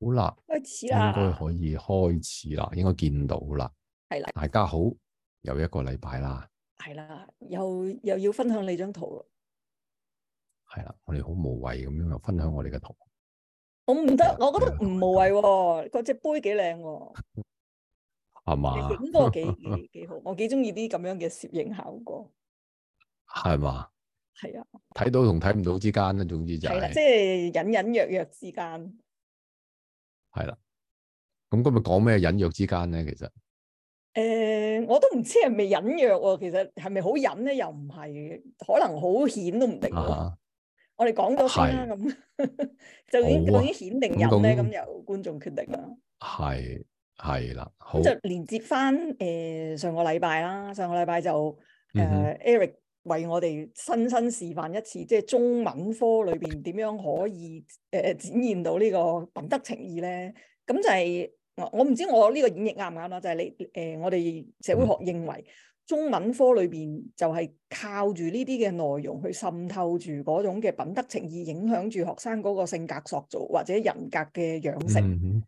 好啦，開始啦，應該可以開始啦，應該見到啦。係啦，大家好，又一個禮拜啦。係啦，又又要分享你張圖咯。係啦，我哋好無謂咁樣又分享我哋嘅圖。我唔得，我覺得唔無謂、啊。個隻杯幾靚、啊，係嘛 嗎？整多幾幾幾好，我幾中意啲咁樣嘅攝影效果。係嘛吧？係啊。睇到同睇唔到之間咧、啊，總之就係即係隱隱約約之間。係啦，咁今日講咩隱約之間咧？其實，誒、呃，我都唔知係咪隱約喎。其實係咪好隱咧？又唔係，可能顯、啊、好顯都唔定。我哋講咗啦，咁就等於顯定隱咧？咁由觀眾決定啦、啊。係係啦，好，就連接翻誒、呃、上個禮拜啦，上個禮拜就誒、呃嗯、哼 Eric。為我哋親身、身示範一次，即係中文科裏邊點樣可以誒、呃、展現到呢個品德情意咧？咁就係、是、我我唔知我呢個演繹啱唔啱咯。就係、是、你誒、呃，我哋社會學認為中文科裏邊就係靠住呢啲嘅內容去滲透住嗰種嘅品德情意，影響住學生嗰個性格塑造或者人格嘅養成。嗯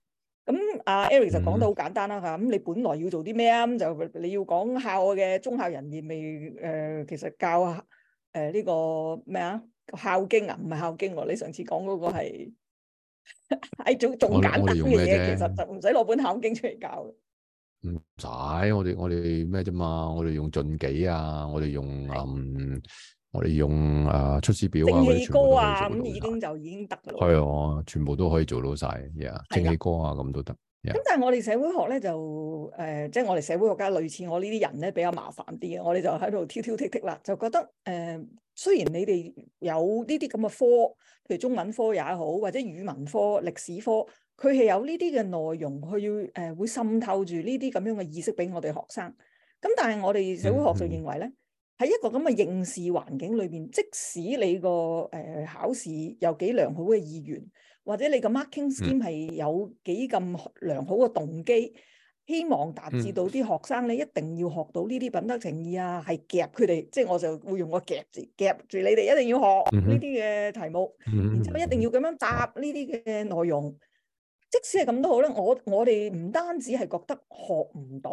咁阿 Eric 就講得好簡單啦嚇，咁你本來要做啲咩啊？咁就你要講校嘅中校人員咪誒，其實教誒呢個咩啊？個孝經啊，唔係孝經喎。你上次講嗰個係係仲仲簡單啲嘢，其實就唔使攞本孝經出嚟教嘅。唔使，我哋我哋咩啫嘛？我哋用進幾啊？我哋用嗯。我哋用誒出師表啊，正氣歌啊，咁已經就已經得啦。係哦、啊，全部都可以做到晒。正、yeah, 氣歌啊，咁都得。咁、yeah. 但係我哋社會學咧就誒、即、呃、係、就是、我哋社會學家類似我呢啲人咧比較麻煩啲嘅。我哋就喺度挑挑剔剔啦，就覺得誒、呃，雖然你哋有呢啲咁嘅科，譬如中文科也好，或者語文科、歷史科，佢係有呢啲嘅內容，佢要誒、呃、會滲透住呢啲咁樣嘅意識俾我哋學生。咁但係我哋社會學就認為咧。嗯喺一個咁嘅應試環境裏邊，即使你個誒、呃、考試有幾良好嘅意願，或者你個 marking scheme 係有幾咁良好嘅動機，嗯、希望達至到啲學生咧一定要學到呢啲品德情意啊，係夾佢哋，即係我就會用個夾字夾住你哋一定要學呢啲嘅題目，然之後一定要咁樣答呢啲嘅內容。即使係咁都好咧，我我哋唔單止係覺得學唔到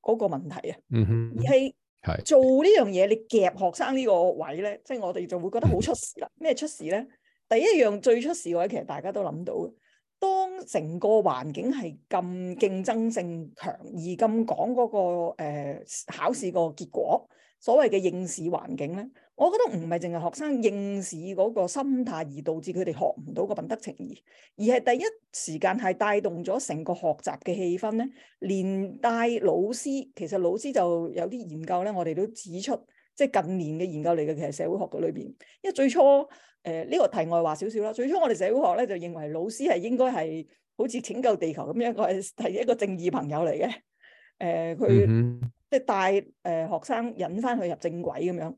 嗰個問題啊，嗯、而係係做呢樣嘢，你夾學生呢個位咧，即係我哋就會覺得好出事啦。咩出事咧？第一樣最出事嘅位，其實大家都諗到嘅，當成個環境係咁競爭性強，而咁講嗰個誒、呃、考試個結果，所謂嘅應試環境咧。我覺得唔係淨係學生應試嗰個心態而導致佢哋學唔到個品德情義，而係第一時間係帶動咗成個學習嘅氣氛咧。連帶老師，其實老師就有啲研究咧，我哋都指出，即係近年嘅研究嚟嘅，其實社會學嘅裏邊。因為最初，誒，呢個題外話少少啦。最初我哋社會學咧就認為老師係應該係好似拯救地球咁樣，個係一個正義朋友嚟嘅。誒、呃，佢、嗯、哼即係帶誒、呃、學生引翻佢入正軌咁樣。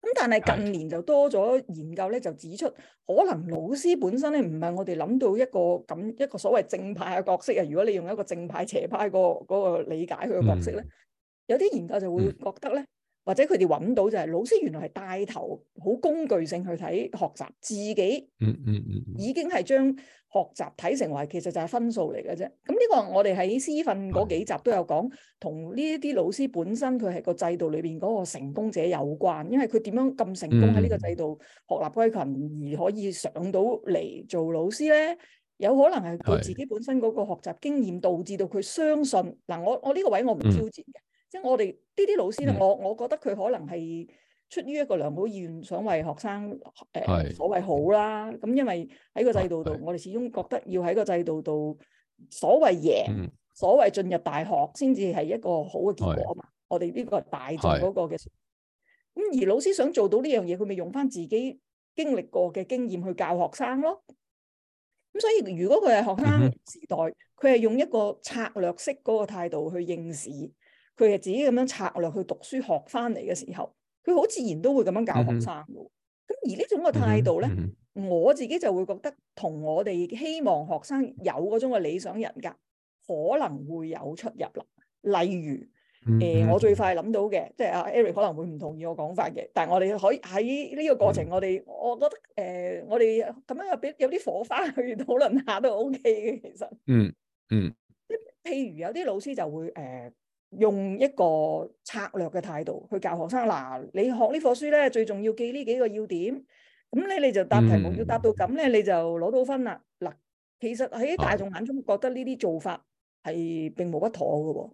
咁但係近年就多咗研究咧，就指出可能老師本身咧唔係我哋諗到一個咁一個所謂正派嘅角色啊。如果你用一個正派邪派個、嗰個理解佢嘅角色咧，嗯、有啲研究就會覺得咧，或者佢哋搵到就係、是、老師原來係帶頭好工具性去睇學習自己，嗯嗯嗯，已經係將。學習睇成為其實就係分數嚟嘅啫。咁呢個我哋喺師訓嗰幾集都有講，同呢一啲老師本身佢係個制度裏邊嗰個成功者有關，因為佢點樣咁成功喺呢個制度學立規群而可以上到嚟做老師咧，有可能係佢自己本身嗰個學習經驗導致到佢相信嗱是、啊，我我呢個位我唔挑戰嘅，嗯、即係我哋呢啲老師咧，嗯、我我覺得佢可能係。出於一個良好意願，想為學生誒、呃、是所謂好啦，咁因為喺個制度度，啊、我哋始終覺得要喺個制度度所謂贏，嗯、所謂進入大學，先至係一個好嘅結果嘛。是我哋呢個大眾嗰個嘅，咁是而老師想做到呢樣嘢，佢咪用翻自己經歷過嘅經驗去教學生咯。咁所以如果佢係學生時代，佢係、嗯、哼用一個策略式嗰個態度去應試，佢係自己咁樣策略去讀書學翻嚟嘅時候。佢好自然都會咁樣教學生嘅，咁、mm hmm. 而種態呢種嘅態度咧，mm hmm. 我自己就會覺得同我哋希望學生有嗰種嘅理想人格，可能會有出入啦。例如，誒、呃，mm hmm. 我最快諗到嘅，即係阿 Eric 可能會唔同意我講法嘅，但係我哋可以喺呢個過程，我哋、mm hmm. 我覺得誒、呃，我哋咁樣有啲有啲火花去討論下都 OK 嘅，其實嗯嗯，mm hmm. 即係譬如有啲老師就會誒。呃用一個策略嘅態度去教學生，嗱，你學呢課書咧最重要記呢幾個要點，咁咧你就答題目要答到，咁咧你就攞到分啦。嗱，其實喺大眾眼中覺得呢啲做法係並冇不妥㗎。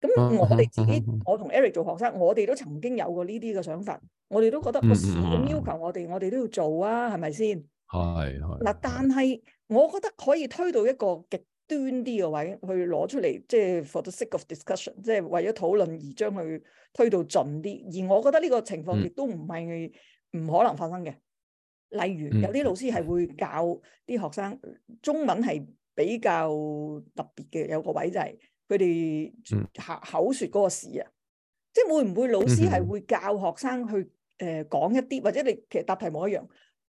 咁我哋自己，我同 Eric 做學生，我哋都曾經有過呢啲嘅想法，我哋都覺得個時咁要求我哋，我哋都要做啊，係咪先？係，係，嗱，但係我覺得可以推到一個極端啲嘅位去攞出嚟，即係 for the sake of discussion，即係為咗討論而將佢推到盡啲。而我覺得呢個情況亦都唔係唔可能發生嘅。例如有啲老師係會教啲學生中文係比較特別嘅，有個位就係佢哋口口説嗰個事啊，即係會唔會老師係會教學生去誒講一啲，或者你其實答題冇一樣。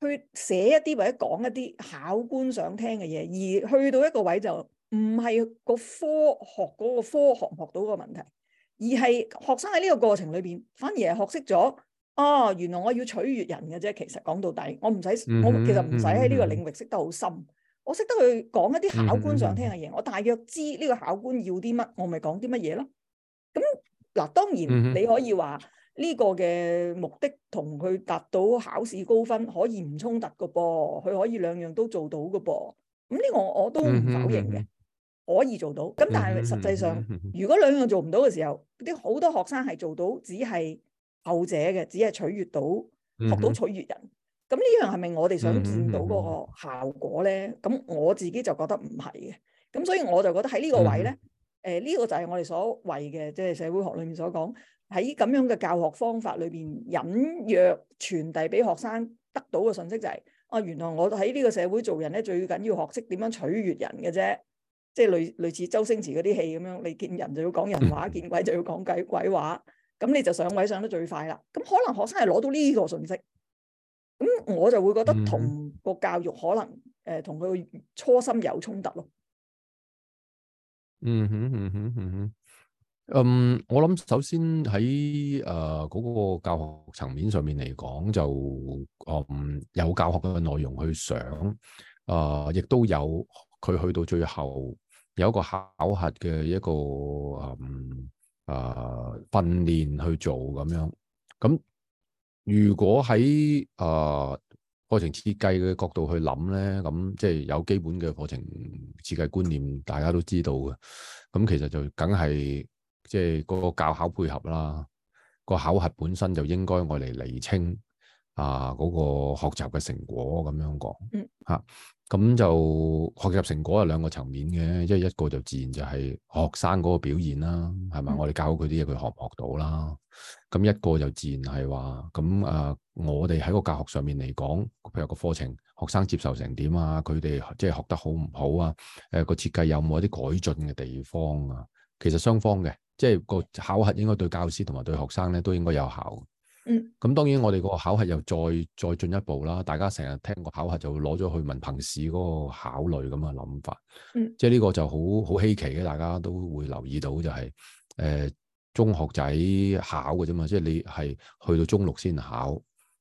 去寫一啲或者講一啲考官想聽嘅嘢，而去到一個位就唔係個科學嗰個科學唔學到個問題，而係學生喺呢個過程裏邊，反而係學識咗哦，原來我要取悅人嘅啫。其實講到底，我唔使我其實唔使喺呢個領域識得好深，我識得去講一啲考官想聽嘅嘢，我大約知呢個考官要啲乜，我咪講啲乜嘢咯。咁嗱，當然你可以話。呢個嘅目的同佢達到考試高分可以唔衝突㗎噃，佢可以兩樣都做到㗎噃。咁呢個我都唔否認嘅，嗯、哼可以做到。咁但係實際上，嗯、哼如果兩樣做唔到嘅時候，啲好多學生係做到只，只係後者嘅，只係取悅到學到取悅人。咁呢、嗯、哼樣係咪我哋想見到嗰個效果咧？咁我自己就覺得唔係嘅。咁所以我就覺得喺呢個位咧，誒、呃、呢、這個就係我哋所謂嘅，即、就、係、是、社會學裏面所講。喺咁樣嘅教學方法裏邊，隱約傳遞俾學生得到嘅信息就係：哦，原來我喺呢個社會做人咧，最緊要學識點樣取悦人嘅啫。即係類類似周星馳嗰啲戲咁樣，你見人就要講人話，見鬼就要講鬼鬼話。咁你就上位上得最快啦。咁可能學生係攞到呢個信息，咁我就會覺得同個教育可能誒同佢初心有衝突咯。嗯哼，嗯哼，嗯哼。嗯，um, 我諗首先喺誒嗰個教學層面上面嚟講，就嗯、呃、有教學嘅內容去想，誒、呃、亦都有佢去到最後有一個考核嘅一個誒誒訓練去做咁樣。咁、嗯、如果喺誒課程設計嘅角度去諗咧，咁、嗯、即係有基本嘅課程設計觀念，大家都知道嘅。咁、嗯、其實就梗係。即係個教考配合啦，個考核本身就應該用嚟釐清啊，嗰、那個學習嘅成果咁樣講，吓咁、嗯啊、就學習成果有兩個層面嘅，即係一個就自然就係學生嗰個表現啦，係咪？嗯、我哋教佢啲嘢，佢學唔學到啦。咁一個就自然係話咁啊，我哋喺個教學上面嚟講，譬如個課程，學生接受成點啊？佢哋即係學得好唔好啊？誒、啊，個設計有冇一啲改進嘅地方啊？其實雙方嘅。即係個考核應該對教師同埋對學生咧都應該有效。嗯，咁當然我哋個考核又再再進一步啦。大家成日聽個考核就攞咗去文憑試嗰個考慮咁嘅諗法。嗯，即係呢個就好好稀奇嘅，大家都會留意到就係、是、誒、呃、中學仔考嘅啫嘛，即係你係去到中六先考。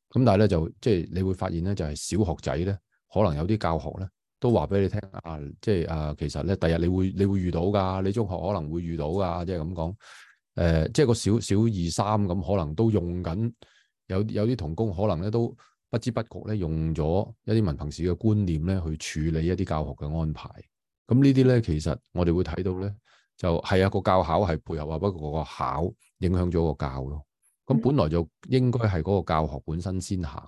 咁但係咧就即係你會發現咧就係、是、小學仔咧可能有啲教學咧。都話俾你聽啊，即係啊，其實咧，第日你會你會遇到噶，你中學可能會遇到噶、就是呃，即係咁講。誒，即係個小小二三咁，可能都用緊有有啲同工可能咧，都不知不覺咧用咗一啲文憑試嘅觀念咧，去處理一啲教學嘅安排。咁呢啲咧，其實我哋會睇到咧，就係一、啊嗰個教考係配合啊，不過個考影響咗個教咯。咁本來就應該係嗰個教學本身先行，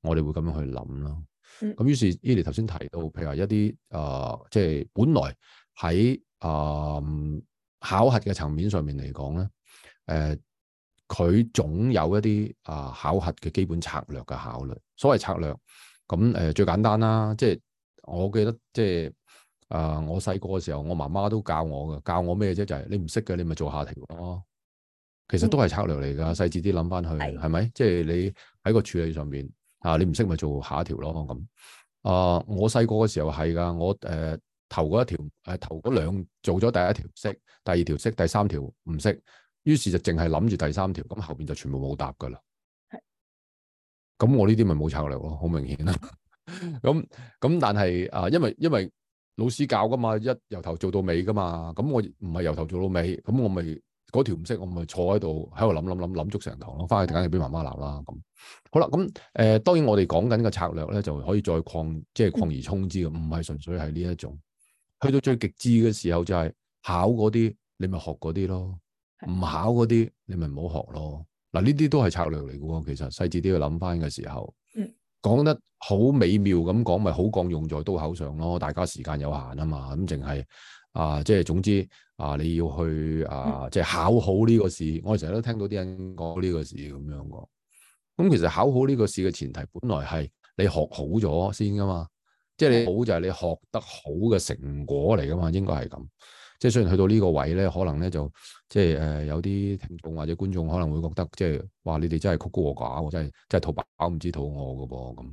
我哋會咁樣去諗咯。咁、嗯、於是 Eli 頭先提到，譬如話一啲啊，即、呃、係、就是、本來喺啊、呃、考核嘅層面上面嚟講咧，誒、呃、佢總有一啲啊、呃、考核嘅基本策略嘅考慮。所謂策略，咁、嗯、誒、呃、最簡單啦，即、就、係、是、我記得即係啊我細個嘅時候，我媽媽都教我嘅，教我咩啫？就係、是、你唔識嘅，你咪做下調咯。其實都係策略嚟㗎，嗯、細緻啲諗翻去係咪？即係的、就是、你喺個處理上面。啊！你唔識咪做下一條咯咁。啊，我細個嘅時候係噶，我誒頭嗰一條，誒頭兩做咗第一條識，第二條識，第三條唔識，於是就淨係諗住第三條，咁、嗯、後邊就全部冇答噶啦。係的。咁我呢啲咪冇策略咯，好明顯啦。咁 咁、嗯嗯嗯、但係啊、呃，因為因為老師教噶嘛，一由頭做到尾噶嘛。咁、嗯、我唔係由頭做到尾，咁、嗯、我咪。嗰條唔識，我咪坐喺度喺度諗諗諗諗足成堂咯，翻去突然間要俾媽媽鬧啦咁。好啦，咁誒、呃、當然我哋講緊嘅策略咧，就可以再擴即係擴而充之嘅，唔係純粹係呢一種。去到最極致嘅時候就係、是、考嗰啲，你咪學嗰啲咯；唔的考嗰啲，你咪唔好學咯。嗱呢啲都係策略嚟嘅喎。其實細緻都要諗翻嘅時候，講、嗯、得好美妙咁講，咪好鋼用在刀口上咯。大家時間有限啊嘛，咁淨係啊，即係總之。啊！你要去啊，即係考好呢個試。我成日都聽到啲人講呢個試咁樣講。咁、嗯、其實考好呢個試嘅前提，本來係你學好咗先噶嘛。即係你好就係你學得好嘅成果嚟噶嘛，應該係咁。即係雖然去到呢個位咧，可能咧就即係誒，有啲聽眾或者觀眾可能會覺得，即係話你哋真係曲高和寡，真係真係肚飽唔知肚餓噶噃。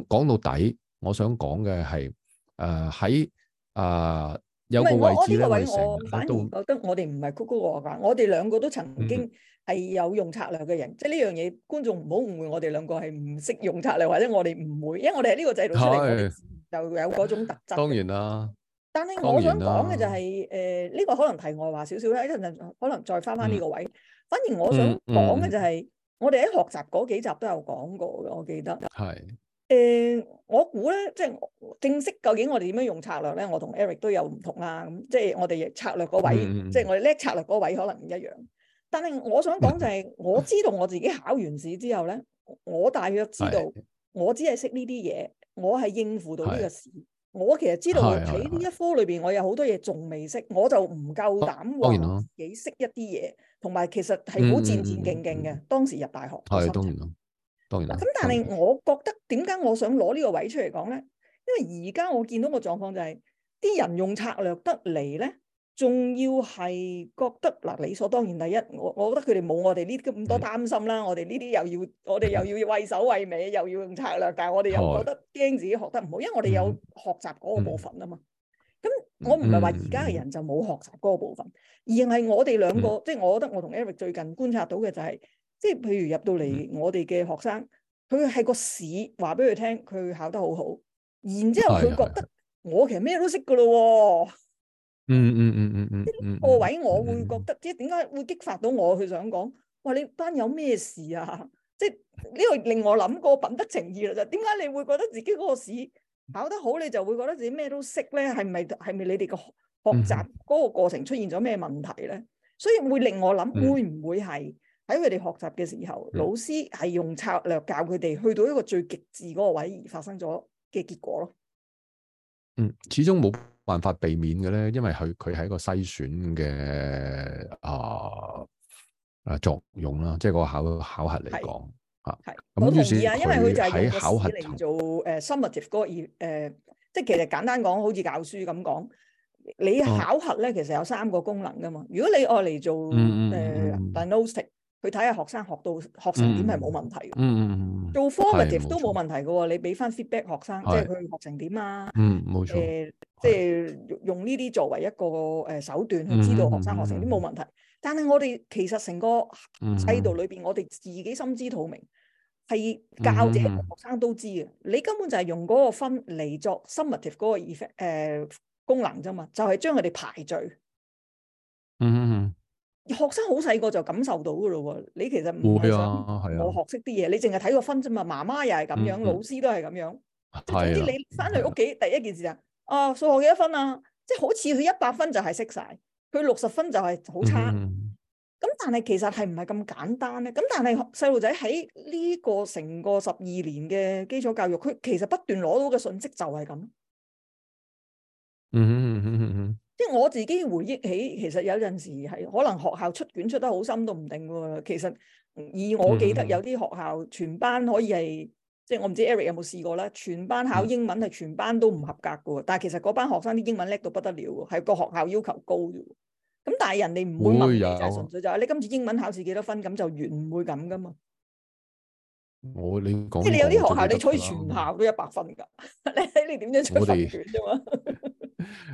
咁咁講到底，我想講嘅係誒喺啊。呃因為我我呢個位，呢我，個位我反而覺得我哋唔係曲曲個話，我哋兩個都曾經係有用策略嘅人，嗯、即係呢樣嘢觀眾唔好誤會我哋兩個係唔識用策略，或者我哋唔會，因為我哋係呢個制度出嚟，哎、我哋就有嗰種特質。當然啦。但係我想講嘅就係、是，誒呢、呃呢個可能題外話少少啦，一陣可能再翻翻呢個位。嗯、反而我想講嘅就係、是，嗯嗯、我哋喺學習嗰幾集都有講過嘅，我記得。係。誒，我估咧，即係正式究竟我哋點樣用策略咧？我同 Eric 都有唔同啦。咁即係我哋策略嗰位，即係我哋叻策略嗰位，可能唔一樣。但係我想講就係，我知道我自己考完試之後咧，我大約知道我只係識呢啲嘢，我係應付到呢個試。我其實知道喺呢一科裏邊，我有好多嘢仲未識，我就唔夠膽話自己識一啲嘢。同埋其實係好戰戰兢兢嘅。當時入大學係當然咁但係我覺得點解我想攞呢個位出嚟講咧？因為而家我見到個狀況就係、是、啲人用策略得嚟咧，仲要係覺得嗱，理所當然。第一，我我覺得佢哋冇我哋呢咁多擔心啦。嗯、我哋呢啲又要，我哋又要畏首畏尾，又要用策略。但係我哋又覺得驚自己學得唔好，因為我哋有學習嗰個部分啊嘛。咁、嗯、我唔係話而家嘅人就冇學習嗰個部分，嗯、而係我哋兩個，即係、嗯、我覺得我同 Eric 最近觀察到嘅就係、是。即係譬如入到嚟，嗯、我哋嘅學生，佢係個市，話俾佢聽佢考得好好，然之後佢覺得、哎、呀我其實咩都識噶咯。嗯嗯嗯嗯嗯嗯。嗯嗯，個位我會覺得，即係點解會激發到我，佢想講，哇！你班有咩事啊？即係呢、呢個令我諗過品德情意啦。就點解你會覺得自己嗰個市考得好，你就會覺得自己咩都識咧？係咪係咪你哋個學習嗰個過程出現咗咩問題咧？嗯、所以會令我諗、嗯，會唔會係？喺佢哋學習嘅時候，老師係用策略教佢哋去到一個最極致嗰個位而發生咗嘅結果咯。嗯，始終冇辦法避免嘅咧，因為佢佢係一個篩選嘅啊啊作用啦，即係個考考核嚟講嚇。係，我同意啊，因為佢就係喺考核嚟做誒、呃、summative 嗰個業、呃、即係其實簡單講，好似教書咁講，你考核咧、嗯、其實有三個功能噶嘛。如果你愛嚟做誒、嗯嗯去睇下學生學到學成點係冇問題嘅、嗯，嗯嗯嗯，做 formative 都冇問題嘅喎，你俾翻 feedback 學生，是即係佢學成點啊，嗯，冇錯，誒、呃，即係用呢啲作為一個誒手段去知道學生學成點冇、嗯嗯、問題，但係我哋其實成個制度裏邊，我哋自己心知肚明，係、嗯、教者學生都知嘅，嗯嗯、你根本就係用嗰個分嚟作 summative 嗰個 effect 誒、呃、功能啫嘛，就係、是、將佢哋排序。嗯。嗯。學生好細個就感受到噶咯喎，你其實唔係想我學識啲嘢，啊啊、你淨係睇個分啫嘛。媽媽又係咁樣，嗯、哼老師都係咁樣。係啊、嗯哼，總之你翻去屋企第一件事就是：「啊，數學幾多分啊？」即係好似佢一百分就係識晒，佢六十分就係好差。咁、嗯、哼但係其實係唔係咁簡單咧？咁但係細路仔喺呢個成個十二年嘅基礎教育，佢其實不斷攞到嘅信息就係咁。嗯嗯嗯嗯嗯。即係我自己回憶起，其實有陣時係可能學校出卷出得好深都唔定喎。其實以我記得有啲學校、嗯、全班可以係，即係我唔知 Eric 有冇試過啦。全班考英文係全班都唔合格嘅喎，但係其實嗰班學生啲英文叻到不得了喎，係個學校要求高。咁但係人哋唔會問你，純有粹就係、是、你今次英文考試幾多分？咁就完，唔會咁噶嘛。我你講即係你有啲學校，你可以你取全校都一百分㗎。 你睇你點樣出卷啫嘛？我的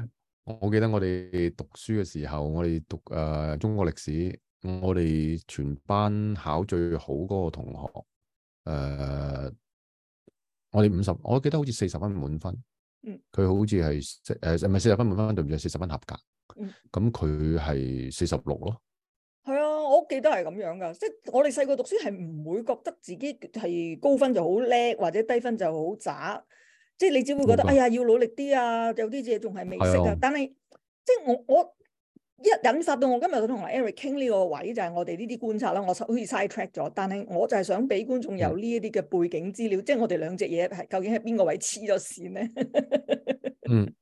我記得我哋讀書嘅時候，我哋讀誒、呃、中國歷史，我哋全班考最好嗰個同學，誒、呃，我哋五十，我記得好似四十分滿分，嗯，佢好似係誒唔係四十分滿分對唔住，四十分合格，咁佢係四十六咯，係啊，我記得係咁樣噶，即係我哋細個讀書係唔會覺得自己係高分就好叻，或者低分就好渣。即係你只會覺得，吧哎呀，要努力啲啊！有啲嘢仲係未識啊。的但係，即係我我一引發到我今日同 Eric 傾呢個位，就係、係、我哋呢啲觀察啦。我好似 side track 咗，但係我就係想俾觀眾有呢一啲嘅背景資料。嗯、即係我哋兩隻嘢係究竟喺邊個位黐咗線咧？ 嗯，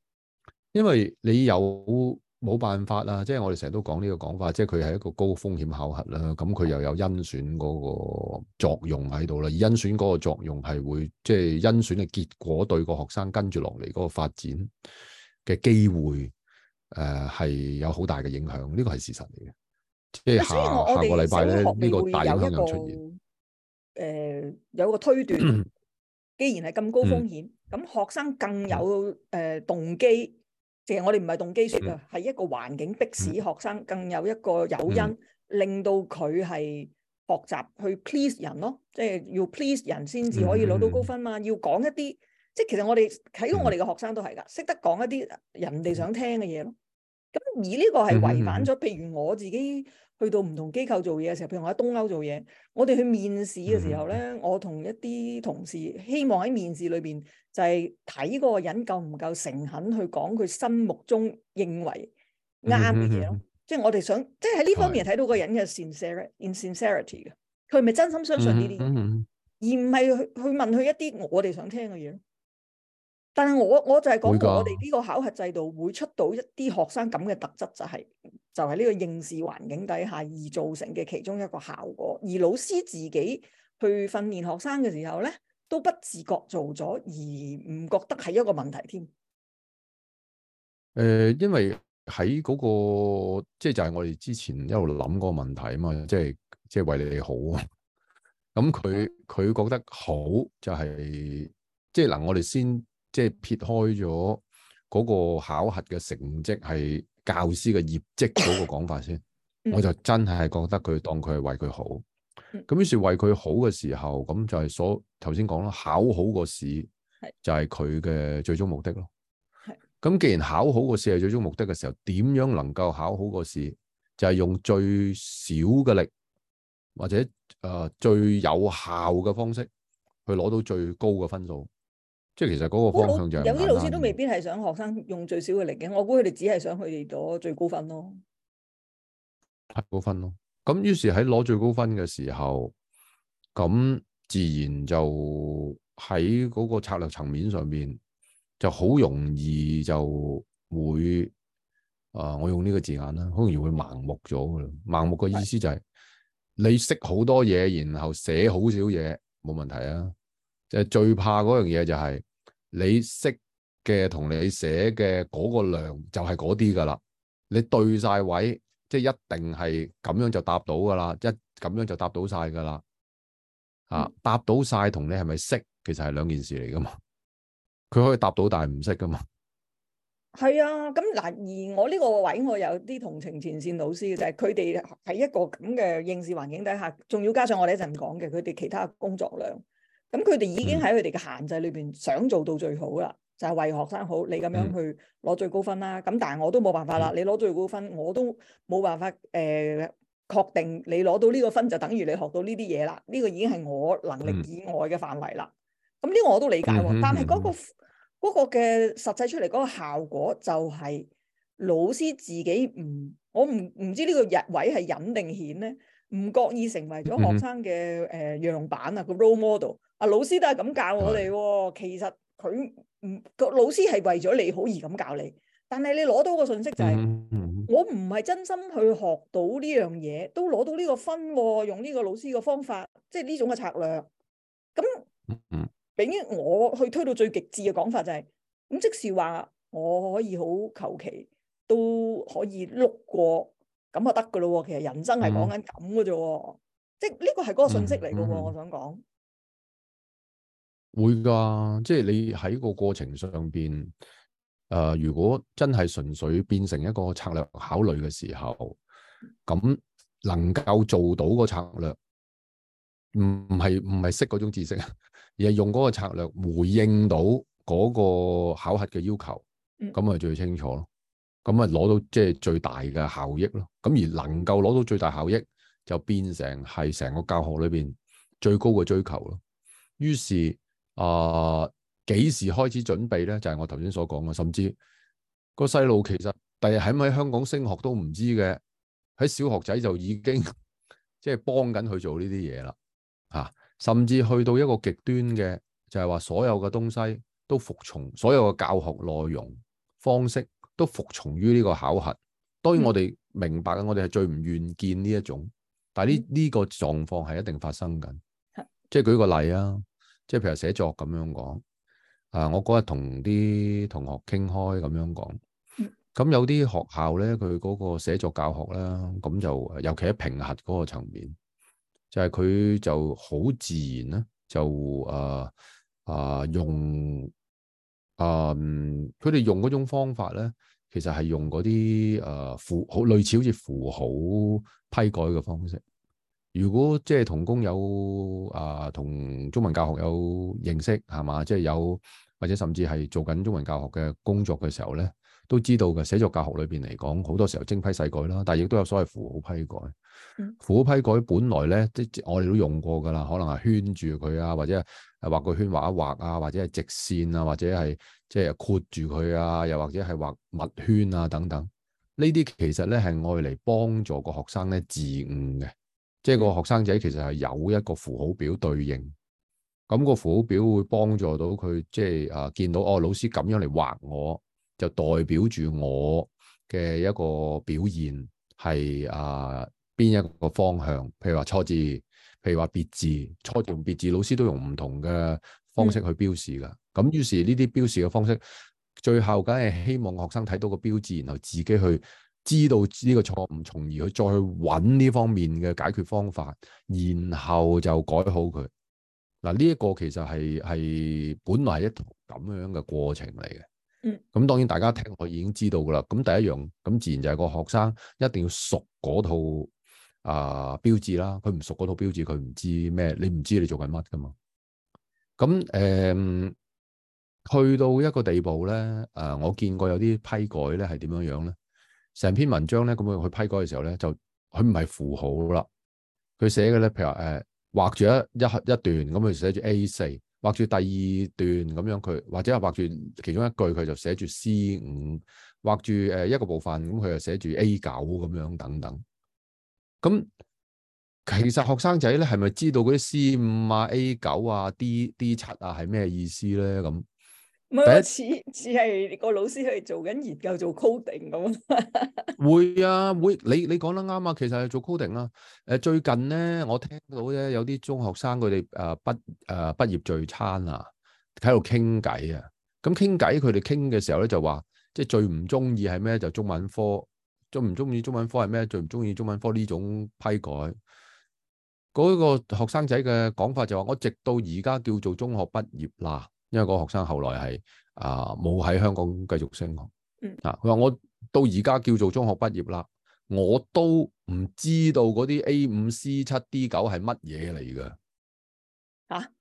因為你有。冇辦法啦，即係我哋成日都講呢個講法，即係佢係一個高風險考核啦。咁佢又有甄選嗰個作用喺度啦。而甄選嗰個作用係會，即係甄選嘅結果對個學生跟住落嚟嗰個發展嘅機會，誒、呃、係有好大嘅影響。呢個係事實嚟嘅。即係下下個禮拜咧，呢、這個大影響又出現。誒、呃，有個推斷， 既然係咁高風險，咁、嗯、學生更有誒、呃、動機。其實我哋唔係動機說啊，係、嗯、一個環境逼使學生，嗯、更有一個誘因，嗯、令到佢係學習去 please 人咯，即係要 please 人先至可以攞到高分嘛。嗯嗯、要講一啲，即係其實我哋睇到我哋嘅學生都係噶，識得講一啲人哋想聽嘅嘢咯。咁而呢個係違反咗，譬、嗯嗯嗯、如我自己。去到唔同機構做嘢嘅時候，譬如我喺東歐做嘢，我哋去面試嘅時候咧，我同一啲同事希望喺面試裏邊就係睇嗰個人夠唔夠誠懇去講佢心目中認為啱嘅嘢咯，即係 我哋想即係喺呢方面睇到個人嘅誠摯嘅 sincerity 嘅 in，佢係咪真心相信呢啲，而唔係去問佢一啲我哋想聽嘅嘢。但係我我就係講，我哋呢個考核制度會出到一啲學生咁嘅特質，就是，就係就係呢個應試環境底下而造成嘅其中一個效果。而老師自己去訓練學生嘅時候咧，都不自覺做咗，而唔覺得係一個問題添。誒、呃，因為喺嗰、那個即係就係、是、我哋之前一路諗個問題啊嘛，即係即係為你哋好啊。咁佢佢覺得好就係即係嗱，就是、我哋先。即係撇開咗嗰個考核嘅成績係教師嘅業績嗰個講法先，我就真係覺得佢當佢係為佢好。咁於是為佢好嘅時候，咁就係所頭先講咯，考好個試就係佢嘅最終目的咯。咁既然考好個試係最終目的嘅時候，點樣能夠考好個試？就係用最少嘅力或者誒、呃、最有效嘅方式去攞到最高嘅分數。即係其實嗰個方向就係有啲老師都未必係想學生用最少嘅力嘅，我估佢哋只係想佢哋攞最高分咯。最高分咯，咁於是喺攞最高分嘅時候，咁自然就喺嗰個策略層面上面就好容易就會啊、呃，我用呢個字眼啦，好容易會盲目咗嘅。盲目嘅意思就係你識好多嘢，然後寫好少嘢，冇問題啊。誒，最怕嗰樣嘢就係你識嘅同你寫嘅嗰個量就係嗰啲噶啦，你對晒位，即係一定係咁樣就答到噶啦，一咁樣就答到晒噶啦，啊，答到晒同你係咪識，其實係兩件事嚟噶嘛，佢可以答到但係唔識噶嘛，係啊，咁嗱而我呢個位我有啲同情前線老師嘅就係佢哋喺一個咁嘅應試環境底下，仲要加上我哋一陣講嘅佢哋其他工作量。咁佢哋已經喺佢哋嘅限制裏邊想做到最好啦，就係為學生好，你咁樣去攞最高分啦。咁但係我都冇辦法啦，你攞最高分我都冇辦法，誒確定你攞到呢個分就等於你學到呢啲嘢啦。呢個已經係我能力以外嘅範圍啦。咁呢個，嗯，我都理解喎，但係嗰個嗰個嘅實際出嚟嗰個效果就係老師自己唔，我唔唔知呢個日位係隱定顯咧。唔覺意成為咗學生嘅誒樣板啊，個 role model 啊，老師都係咁教我哋喎，嗯、其實佢唔個老師係為咗你好而咁教你，但係你攞到個信息就係、是嗯嗯、我唔係真心去學到呢樣嘢，都攞到呢個分、啊，用呢個老師嘅方法，即係呢種嘅策略。咁俾我去推到最極致嘅講法就係、是，咁即使話我可以好求其都可以碌過。咁就得噶咯喎，其實人生係講緊咁噶啫喎，嗯、即係呢個係嗰個信息嚟噶喎。嗯嗯、我想講，會噶，即係你喺個過程上邊，誒、呃，如果真係純粹變成一個策略考慮嘅時候，咁能夠做到個策略，唔唔係唔係識嗰種知識啊，而係用嗰個策略回應到嗰個考核嘅要求，咁咪最清楚咯。嗯。咁啊，攞到即係最大嘅效益咯。咁而能夠攞到最大效益，就變成係成個教學裏邊最高嘅追求咯。於是啊，幾時開始準備咧？就係我頭先所講嘅，甚至個細路其實第日喺唔喺香港升學都唔知嘅，喺小學仔就已經即係幫緊佢做呢啲嘢啦。嚇，甚至去到一個極端嘅，就係話所有嘅東西都服從，所有嘅教學內容方式。都服從於呢個考核，當然我哋明白啊，我哋係最唔願見呢一種，但係呢呢個狀況係一定發生緊，即係舉個例啊，即係譬如寫作咁樣講，啊我嗰日同啲同學傾開咁樣講，咁有啲學校咧，佢嗰個寫作教學啦，咁就尤其喺評核嗰個層面，就係佢就好自然啦，就啊啊用。啊，佢哋、嗯、用嗰種方法咧，其實係用嗰啲誒符好類似好似符號批改嘅方式。如果即係同工友、啊、呃、同中文教學有認識係嘛？即係、就是、有或者甚至係做緊中文教學嘅工作嘅時候咧。都知道嘅，寫作教學裏邊嚟講，好多時候精批細改啦，但係亦都有所謂符號批改。嗯、符號批改本來咧，即我哋都用過噶啦，可能係圈住佢啊，或者係畫個圈畫一畫啊，或者係直線啊，或者係即係括住佢啊，又或者係畫密圈啊等等。呢啲其實咧係愛嚟幫助個學生咧字誤嘅，即係個學生仔其實係有一個符號表對應，咁個符號表會幫助到佢，即係啊見到哦，老師咁樣嚟畫我。就代表住我嘅一個表現、啊，係啊邊一個方向？譬如話錯字，譬如話別字，錯字同別字老師都用唔同嘅方式去標示㗎。咁於、嗯、是呢啲標示嘅方式，最後梗係希望學生睇到個標誌，然後自己去知道呢個錯誤，從而去再去揾呢方面嘅解決方法，然後就改好佢。嗱呢一個其實，係係本來係一套咁樣嘅過程嚟嘅。咁、嗯、當然大家聽我已經知道噶啦。咁第一樣，咁自然就係個學生一定要熟嗰套啊、呃、標誌啦。佢唔熟嗰套標誌，佢唔知咩，你唔知你做緊乜噶嘛。咁誒、呃，去到一個地步咧，誒、呃，我見過有啲批改咧係點樣樣咧，成篇文章咧咁樣去批改嘅時候咧，就佢唔係符號啦，佢寫嘅咧，譬如話誒畫住一一一段咁佢寫住 A 四。畫住第二段咁樣佢，或者係畫住其中一句佢就寫住 C 五，畫住誒一個部分咁佢就寫住 A 九咁樣等等。咁其實學生仔咧係咪知道嗰啲 C 五啊、A 九啊、D D 七啊係咩意思咧？咁？唔係，第一次我似似係個老師去做緊研究，做 coding 咁。會啊，會。你你講得啱啊，其實係做 coding 啦。誒，最近咧，我聽到咧有啲中學生佢哋誒畢誒畢業聚餐啊，喺度傾偈啊。咁傾偈，佢哋傾嘅時候咧就話，即係最唔中意係咩？就中文科。最唔中意中文科係咩？最唔中意中文科呢種批改。嗰個學生仔嘅講法就話，我直到而家叫做中學畢業啦。因為嗰個學生後來係啊冇喺香港繼續升學，嗯啊，佢話，我到而家叫做中學畢業啦，我都唔知道嗰啲 A 五 C 七 D 九係乜嘢嚟噶吓。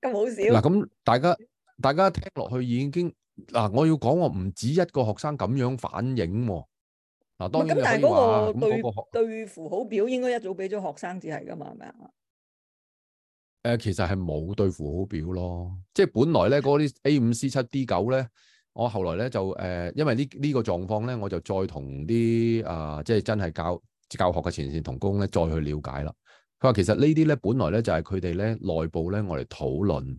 咁好笑嗱，咁、啊、大家大家聽落去已經嗱、啊，我要講，我唔止一個學生咁樣反映嗱、啊啊、當然又可以話咁嗰、啊、個對符號、啊、表應該一早俾咗學生只係噶嘛，係咪啊？誒、呃，其實係冇對符好表咯，即係本來咧嗰啲 A 五 C 七 D 九咧，我後來咧就誒、呃，因為呢呢、這個狀況咧，我就再同啲啊、呃，即係真係教教學嘅前線同工咧，再去了解啦。佢話其實呢啲咧本來咧就係佢哋咧內部咧，我嚟討論，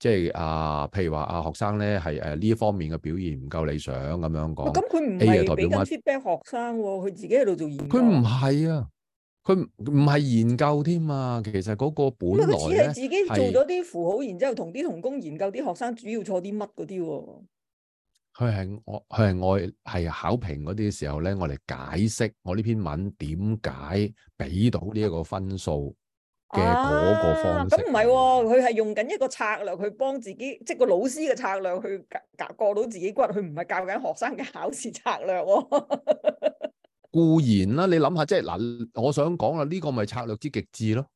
即係啊、呃，譬如話啊，學生咧係誒呢一、呃、方面嘅表現唔夠理想咁樣講。咁佢唔係俾緊 feedback 學生、哦，佢自己喺度做研究。佢唔係啊。佢唔係研究添啊。其實嗰個本來，只係自己做咗啲符號，是然之後同啲同工研究啲學生主要錯啲乜嗰啲。佢係我，佢係我係考評嗰啲時候咧，我嚟解釋我呢篇文點解俾到呢一個分數嘅嗰個方式。咁唔係，佢係、啊、用緊一個策略去幫自己，即、就、係、是、個老師嘅策略去教過到自己骨，佢唔係教緊學生嘅考試策略、啊。 固然啦、啊，你諗下，即係嗱，我想講啦，呢、這個咪策略之極致咯。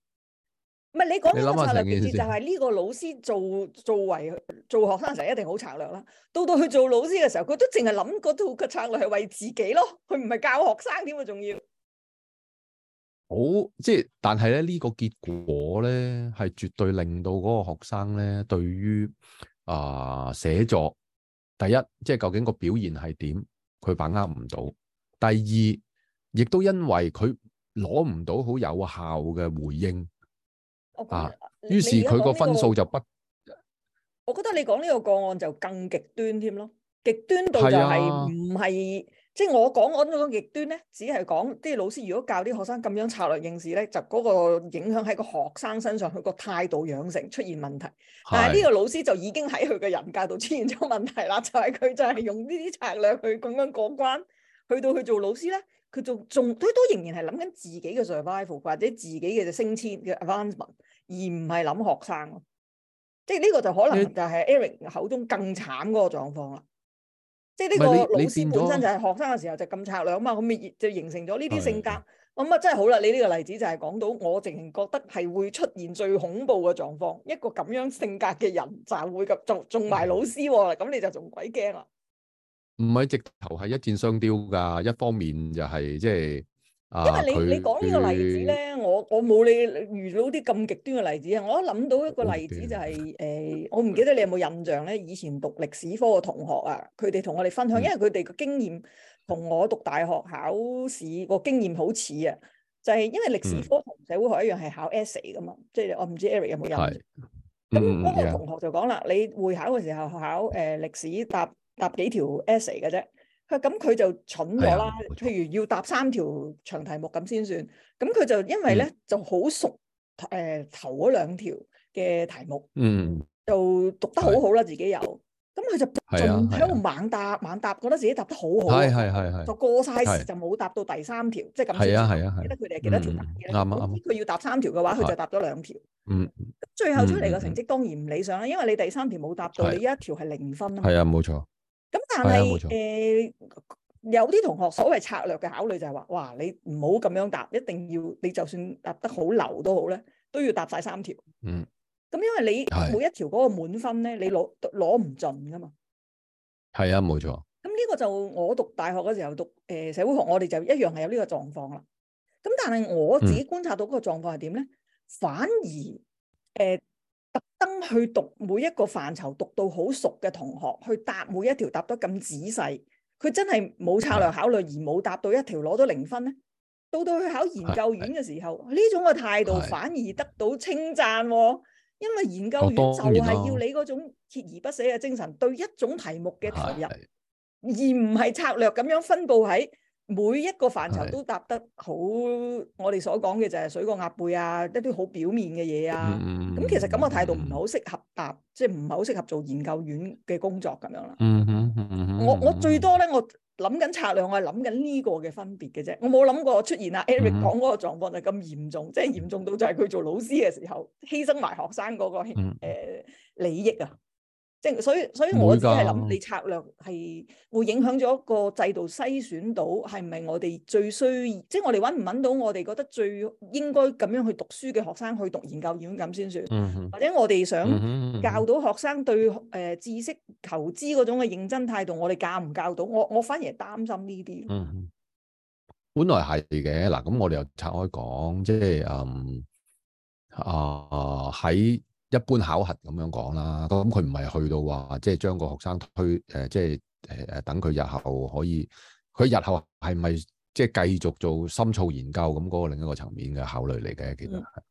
唔係你講嘅策略極致就係呢個老師做做為做學生時一定好策略啦。到到去做老師嘅時候，佢都淨係諗嗰套嘅策略係為自己咯，佢唔係教學生添啊，仲要。好，即係，但係咧呢、這個結果咧，係絕對令到嗰個學生咧，對於啊、呃、寫作，第一，即係究竟個表現係點，佢把握唔到；第二。亦都因為佢攞唔到好有效嘅回應 okay, 啊，現於是佢個分數就不。這個、我覺得你講呢個個案就更極端添咯，極端到就係唔係，啊、即係我講嗰種極端咧，只係講啲老師如果教啲學生咁樣策略應試咧，就嗰個影響喺個學生身上，佢個態度養成出現問題。但係呢個老師就已經喺佢嘅人格度出現咗問題啦，是就係佢就係用呢啲策略去咁樣過關，去到去做老師咧。佢仲仲都都仍然係諗緊自己嘅 survival 或者自己嘅升遷嘅 advancement，而唔係諗學生咯。即係呢個就可能就係 Eric 口中更慘嗰個狀況啦。即係呢個老師本身就係學生嘅時候就咁策略啊嘛，咁就形成咗呢啲性格。咁啊的、嗯、真係好啦，你呢個例子就係講到我淨係覺得係會出現最恐怖嘅狀況，一個咁樣性格嘅人就係會咁做做埋老師喎，咁你就仲鬼驚啦。唔係直頭係一箭雙雕噶，一方面就係即係啊佢。因為，你你講呢個例子咧，我我冇你遇到啲咁極端嘅例子啊！我一諗到一個例子就係誒，我唔記得你有冇印象咧？以前讀歷史科嘅同學啊，佢哋同我哋分享，因為佢哋嘅經驗同我讀大學考試個經驗好似啊，就係因為歷史科同社會學一樣係考 essay 噶嘛，即係我唔知 Eric 有冇印象。係。咁嗰個同學就講啦，你會考嘅時候考誒歷史答。答幾條 essay 嘅啫，咁佢就蠢我啦。譬如要答三條長題目咁先算，咁佢就因為咧就好熟誒頭嗰兩條嘅題目，嗯，就讀得好好啦，自己又咁，佢就仲喺度猛答猛答，覺得自己答得好好，係係係，就過晒時就冇答到第三條，即係咁。係啊係啊係，記得佢哋係幾多條答嘅，佢要答三條嘅話，佢就答咗兩條。嗯，最後出嚟嘅成績當然唔理想啦，因為你第三條冇答到，你依一條係零分啊。係啊，冇錯。咁但係誒、呃，有啲同學所謂策略嘅考慮就係話，哇，你唔好咁樣答，一定要你就算答得好流都好咧，都要答晒三條。嗯。咁因為你每一條嗰個滿分咧，你攞攞唔盡㗎嘛。係啊，冇錯。咁呢個就我讀大學嘅時候讀誒、呃、社會學，我哋就一樣係有呢個狀況啦。咁但係我自己觀察到嗰個狀況係點咧？嗯、反而誒。呃特登去讀每一個範疇，讀到好熟嘅同學去答每一條答得咁仔細，佢真係冇策略考慮而冇答到一條攞到零分呢。到到去考研究院嘅時候，呢是是種嘅態度反而得到稱讚喎，是是因為研究院就係要你嗰種鍥而不捨嘅精神，是是對一種題目嘅投入，是是而唔係策略咁樣分布喺每一個範疇都答得好，是我哋所講嘅就係水過鴨背啊，一啲好表面嘅嘢啊。咁、嗯、其實咁嘅態度唔係好適合答，即係唔係好適合做研究院嘅工作咁樣啦。嗯嗯嗯、我我最多咧，我諗緊策略，我係諗緊呢個嘅分別嘅啫。我冇諗過出現阿 Eric 講嗰個狀況就咁嚴重，即係嚴重到就係佢做老師嘅時候犧牲埋學生嗰個、呃、利益啊。即係所以，所以我只係諗，你策略係會影響咗個制度篩選到係唔係我哋最需要，即係我哋揾唔揾到我哋覺得最應該咁樣去讀書嘅學生去讀研究院咁先算？嗯哼，或者我哋想教到學生對誒、呃、知識求知嗰種嘅認真態度，我哋教唔教到？我我反而係擔心呢啲。嗯，本來係嘅嗱，咁我哋又拆開講，即係嗯啊喺。呃一般考核咁樣講啦，咁佢唔係去到話，即係將個學生推，誒、呃，即係誒誒，等佢日後可以，佢日後係咪即係繼續做深造研究咁嗰個另一個層面嘅考慮嚟嘅，其實係咁。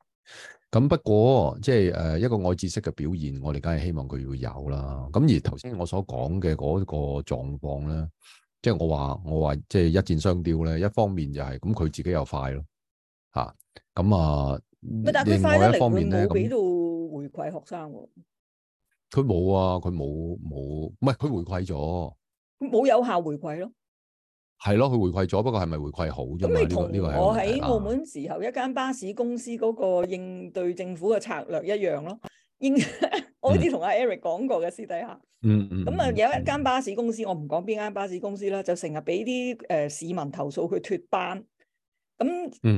咁不過即係誒，一個愛知識嘅表現，我哋梗係希望佢會有啦。咁而頭先我所講嘅嗰個狀況咧，即係我話我話即係一箭雙雕咧，一方面就係咁，佢自己又快咯，吓，咁啊。啊另外一方面咧回饋學生喎，佢冇啊，佢冇冇，唔係佢回饋咗，冇有效回饋咯，係咯，佢回饋咗，不過係咪回饋好啫？咁你同我喺澳門時候一間巴士公司嗰個應對政府嘅策略一樣咯，應我好似同阿 Eric 講過嘅私底下，嗯嗯，咁啊有一間巴士公司，我唔講邊間巴士公司啦，就成日俾啲誒市民投訴佢脫班。咁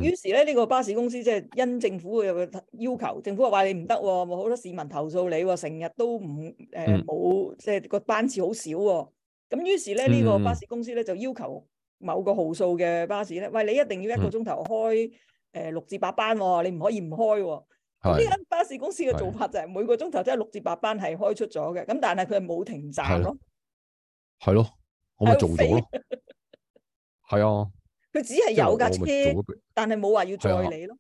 於是咧，呢、這個巴士公司即係因政府嘅要求，政府話話你唔得喎，冇好多市民投訴你喎、哦，成日都唔誒冇，即、呃、係、嗯就是、個班次好少喎、哦。咁於是咧，呢、這個巴士公司咧就要求某個號數嘅巴士咧，喂你一定要一個鐘頭開誒六至八班喎、哦，你唔可以唔開喎、哦。呢的間巴士公司嘅做法就係每個鐘頭即係六至八班係開出咗嘅，咁但係佢係冇停站咯。係咯，我咪做咗咯。係啊。佢只係有架車，即但係冇話要載你咯，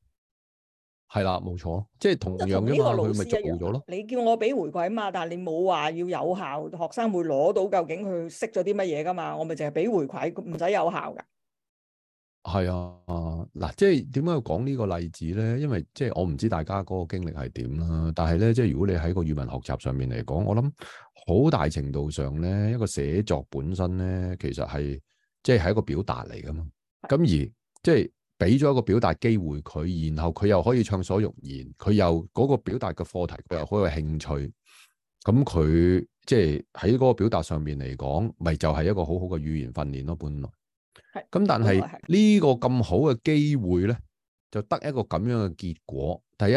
係啦、啊，冇錯、啊，即係同樣嘅嘛，佢咪做咗咯。你叫我俾回饋嘛，但係你冇話要有效，學生會攞到究竟佢識咗啲乜嘢噶嘛？我咪淨係俾回饋，唔使有效噶。係啊，嗱，即係點解要講呢個例子咧？因為即係我唔知大家嗰個經歷係點啦，但係咧，即係如果你喺個語文學習上面嚟講，我諗好大程度上咧，一個寫作本身咧，其實係即係係一個表達嚟噶嘛。咁而即係俾咗一個表達機會佢，然後佢又可以暢所欲言，佢又嗰、那個表達嘅課題佢又好有興趣，咁佢即係喺嗰個表達上面嚟講，咪就係一個好好嘅語言訓練咯，本來。係的。咁但係呢個咁好嘅機會咧，就得一個咁樣嘅結果。第一，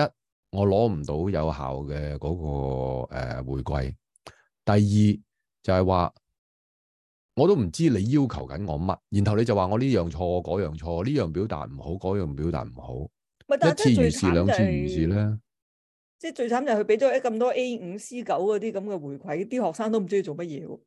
我攞唔到有效嘅嗰個誒回饋；第二就係、是、話。我都唔知你要求緊我乜，然後你就話我呢樣錯，嗰樣錯，呢樣表達唔好，嗰樣表達唔好，一次如是，兩次如是咧。即係最慘就係佢俾咗咁多 A 五、C 九嗰啲咁嘅回饋，啲學生都唔知要做乜嘢。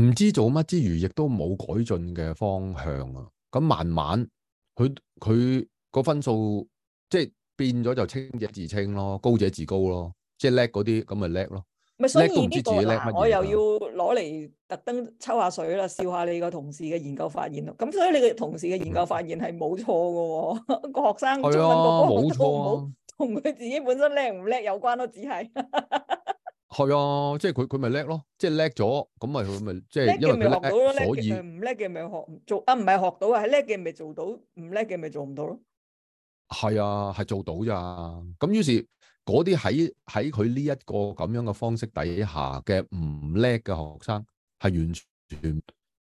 唔知做乜之餘，亦都冇改進嘅方向啊！咁慢慢，佢佢個分數即係變咗就清者自清咯，高者自高咯，即係叻嗰啲咁咪叻咯。叻都唔知自己叻乜嘢。攞嚟特登抽下水啦，笑下你個同事嘅研究發現咯。咁所以你個同事嘅研究發現係冇錯嘅喎。個學生中文個科都冇錯，同佢自己本身叻唔叻有關咯，只係係啊，即係佢佢咪叻咯，即係叻咗，咁咪佢咪即係因為佢叻，所以唔叻嘅咪學唔做啊，唔係學到啊，係叻嘅咪做到，唔叻嘅咪做唔到咯。係啊，係做到咋。咁於是。嗰啲喺喺佢呢一個咁樣嘅方式底下嘅唔叻嘅學生，係完全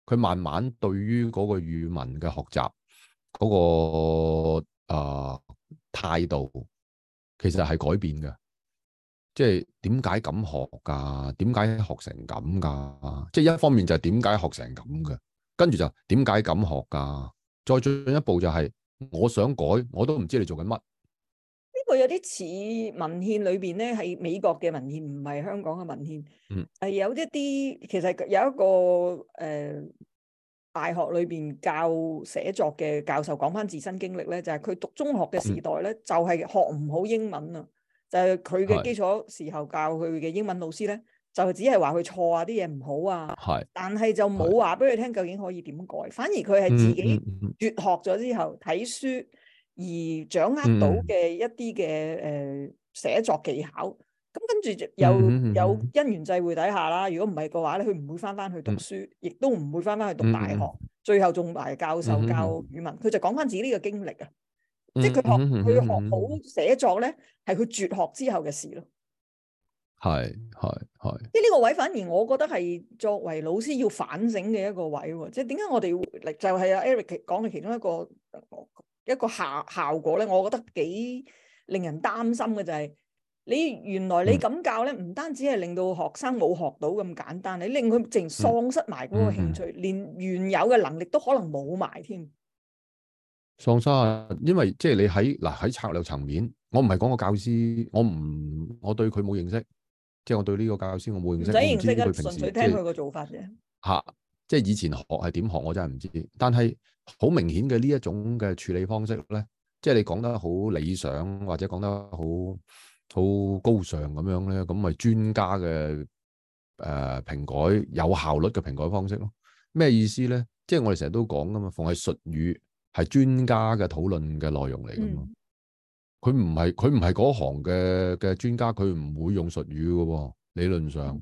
佢慢慢對於嗰個語文嘅學習嗰個啊態度，其實係改變嘅。即係點解咁學㗎？點解學成咁㗎？即係一方面就係點解學成咁嘅，跟住就點解咁學㗎？再進一步就係，我想改，我都唔知你做緊乜。佢有啲似文獻裏邊咧，係美國嘅文獻，唔係香港嘅文獻。嗯，係、呃、有一啲，其實有一個誒、呃、大學裏邊教寫作嘅教授講返自身經歷咧，就係、是、佢讀中學嘅時代咧，嗯、就係學唔好英文啊。就係佢嘅基礎時候教佢嘅英文老師咧，是就係只係話佢錯啊，啲嘢唔好啊。係是，但係就冇話俾佢聽究竟可以點改，反而佢係自己越學咗之後睇、嗯嗯、書。而掌握到嘅一啲嘅誒寫作技巧，咁跟住又有因緣際會底下啦。如果唔係嘅話咧，佢唔會翻翻去讀書，亦都唔會翻翻去，去讀大學。最後仲埋教授、嗯嗯、教語文，佢就講翻自己呢個經歷啊。嗯、即係佢學，佢學好寫作咧，係佢絕學之後嘅事咯。係係係。即係呢個位反而我覺得係作為老師要反省嘅一個位喎。即係點解我哋就係阿 Eric 講嘅其中一個。一個效效果咧，我覺得幾令人擔心嘅就係你原來你咁教咧，唔單止係令到學生冇學到咁簡單，你令佢淨喪失埋嗰個興趣，連原有嘅能力都可能冇埋添。喪失呀，因為即係你喺嗱喺策略層面，我唔係講個教師，我唔我對佢冇認識，即係我對呢個教師我冇認識，唔使認識，我唔知佢平時即係純粹聽佢個做法啫，吓，即係以前學係點學，我真係唔知，但係。好明顯嘅呢一種嘅處理方式咧，即係你講得好理想或者講得好好高尚咁樣咧，咁咪專家嘅誒評改有效率嘅評改方式咯？咩意思咧？即係我哋成日都講噶嘛，凡係術語係專家嘅討論嘅內容嚟噶嘛？佢唔係佢唔係嗰行嘅嘅專家，佢唔會用術語噶，理論上。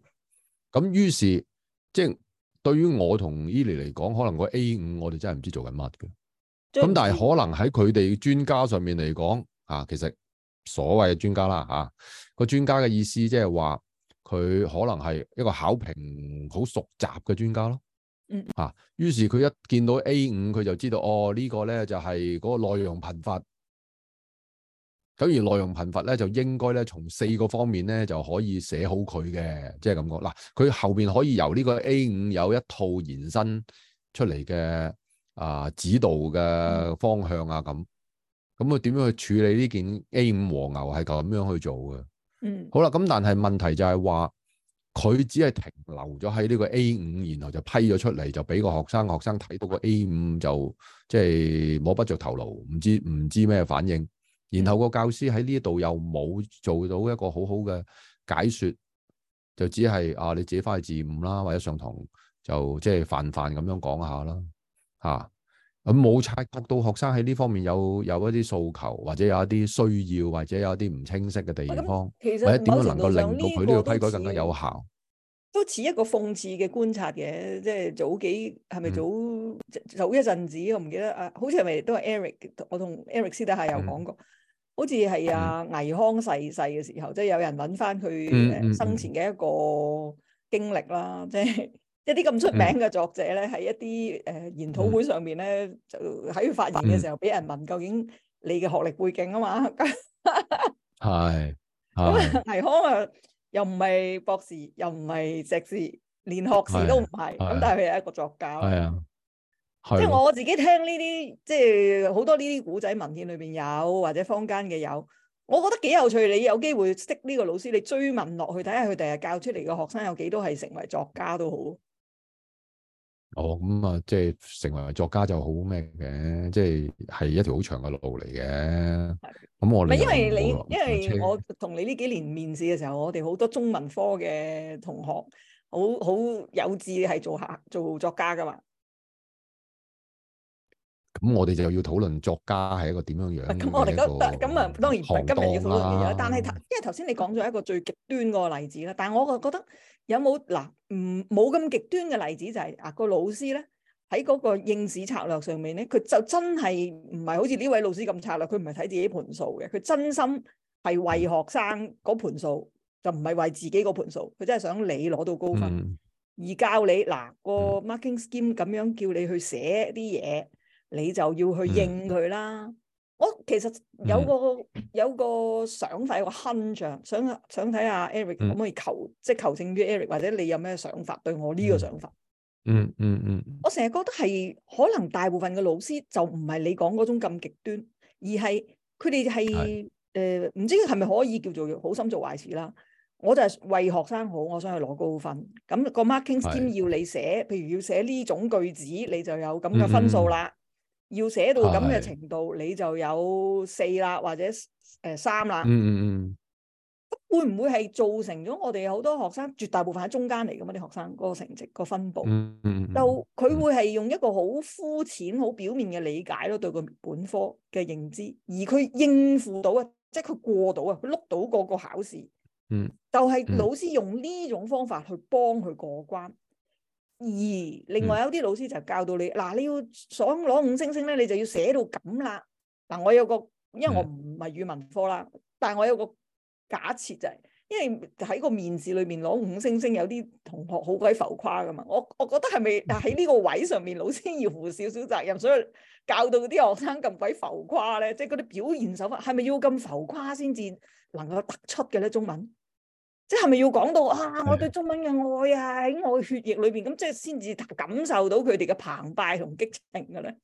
咁於是即係。就是對於我同 Eli 嚟講，可能個 A 五我哋真係唔知做緊乜嘅。咁最但係可能喺佢哋專家上面嚟講，嚇、啊、其實所謂專家啦嚇，個、啊、專家嘅意思即係話佢可能係一個考評好熟習嘅專家咯。嗯啊，於是佢一見到 A 五佢就知道哦、這個、呢個咧就係、是、嗰個內容頻發。咁而內容貧乏咧，就應該咧從四個方面咧就可以寫好佢嘅，即係咁講。嗱，佢後邊可以由呢個 A 五有一套延伸出嚟嘅啊指導嘅方向啊咁。咁佢點樣去處理呢件 A 五和牛係咁樣去做嘅？嗯，好啦，咁但係問題就係話佢只係停留咗喺呢個 A 五，然後就批咗出嚟，就俾個學生學生睇到個 A 五就即係、就是、摸不着頭腦，唔知唔知咩反應。然後個教師喺呢度又冇做到一個好好嘅解說，就只係啊你自己翻去自悟啦，或者上堂就即係泛泛咁樣講下啦，吓，咁冇察覺到學生喺呢方面有有一啲訴求，或者有一啲需要，或者有一啲唔清晰嘅地方，其實或者點樣能夠令到佢呢個批改更加有效。都似一個諷刺嘅觀察嘅，即係早幾係咪早早一陣子，我唔記得啊，好似係咪都係 Eric，我同 Eric 私底下有講過，好似係阿倪康逝世嘅時候，即係有人揾翻佢生前嘅一個經歷啦，即係一啲咁出名嘅作者咧，喺一啲誒研討會上邊咧，就喺佢發言嘅時候俾人問，究竟你嘅學歷背景啊嘛，係，咁倪康啊。又唔係博士，又唔係碩士，連學士都唔係，咁的但係佢係一個作家。係啊，即係我自己聽呢啲，即係好多呢啲古仔文獻裏邊有，或者坊間嘅有，我覺得幾有趣。你有機會識呢個老師，你追問落去睇下佢第日教出嚟嘅學生有幾多係成為作家都好。哦，咁、嗯、啊，即係成為作家就好咩嘅？即係係一條好長嘅路嚟嘅。咁的、嗯、我唔係，因為你我因為我同你呢幾年面試嘅時候，我哋好多中文科嘅同學，好好有志係做客做作家噶嘛。咁我哋就要討論作家係一個點樣樣咁，我哋都得咁啊，當然唔係今日要討論嘅。但係頭因為頭先你講咗一個最極端個例子啦，但係我就覺得有冇嗱唔冇咁極端嘅例子就係嗱個老師咧，喺嗰個應試策略上面咧，佢就真係唔係好似呢位老師咁策略，佢唔係睇自己盤數嘅，佢真心係為學生嗰盤數，就唔係為自己嗰盤數，佢真係想你攞到高分，而教你嗱個 marking scheme 咁樣叫你去寫啲嘢。你就要去應佢啦。我其實有個、嗯、有個想法，有個 hunch，想想睇下 Eric 可唔可以求、嗯、即係求證於 Eric，或者你有咩想法對我呢個想法？嗯嗯嗯。嗯嗯我成日覺得係可能大部分嘅老師就唔係你講嗰種咁極端，而係佢哋係誒唔知係咪可以叫做好心做壞事啦？我就係為學生好，我想去攞高分。咁、個 marking scheme 是要你寫，譬如要寫呢種句子，你就有咁嘅分數啦。嗯嗯要寫到咁嘅程度，是你就有四啦，或者誒、呃、三啦、嗯。嗯嗯嗯。會唔會係造成咗我哋好多學生，絕大部分喺中間嚟噶嘛？啲學生嗰個成績、嗰個分佈，嗯嗯嗯、就佢會係用一個好膚淺、好表面嘅理解咯，對個本科嘅認知，而佢應付到啊，即係佢過到啊，佢碌到過個考試、嗯。嗯。就係老師用呢種方法去幫佢過關。二，另外有啲老師就教到你，嗱、嗯，你要想攞五星星咧，你就要寫到咁啦。嗱，我有個，因為我唔係語文科啦，嗯、但係我有個假設就係、係，因為喺個面試裏面攞五星星，有啲同學好鬼浮誇噶嘛。我我覺得係咪？但喺呢個位上面，老師要負少少責任，所以教到啲學生咁鬼浮誇咧，即係嗰啲表現手法係咪要咁浮誇先至能夠突出嘅咧？中文？即係咪要講到啊？我對中文嘅愛啊，喺我血液裏邊，咁即係先至感受到佢哋嘅澎湃同激情嘅咧。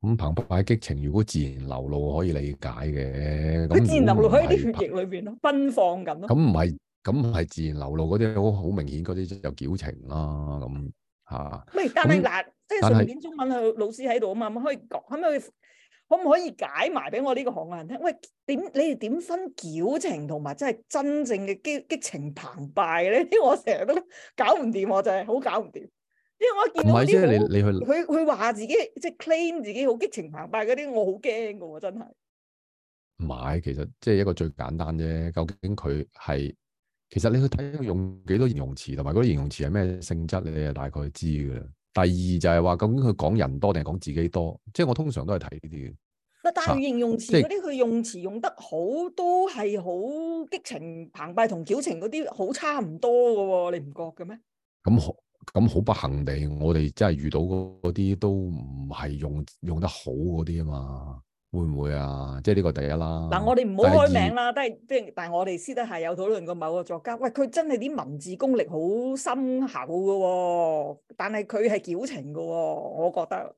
咁澎湃激情如果自然流露，可以理解嘅。佢自然流露喺啲血液裏邊咯，奔放咁咯。咁唔係，咁唔係自然流露嗰啲，好好明顯嗰啲就矯情啦。咁吓，唔係，但係是嗱，是即係順便中文系老師喺度啊嘛，咁可以講，可唔可以？可唔可以解埋俾我呢個行嘅人聽？喂，點你哋點分矯情同埋真係真正嘅激激情澎湃咧？因為我成日都搞唔掂，我真係好搞唔掂。因為我一見到啲，唔係，佢佢話自己即係 claim 自己好激情澎湃嗰啲，我好驚㗎喎，真係。唔係其實即係一個最簡單啫。究竟佢係其實你去睇用幾多形容詞，同埋嗰啲形容詞係咩性質，你就大概知㗎啦。第二就係話究竟佢講人多定係講自己多，即係我通常都係睇呢啲嘅。嗱，例如形容詞嗰啲，佢用詞用得好都係好激情澎湃同矯情嗰啲好差唔多噶喎，你唔覺嘅咩？咁好，咁好不幸地，我哋真係遇到嗰啲都唔係用用得好嗰啲啊嘛。會唔會啊？即係呢個第一啦。嗱，我哋唔好開名啦，都係即但係我哋私底下有討論過某個作家。喂，佢真係啲文字功力好深厚噶喎，但係佢係矯情噶喎。我覺得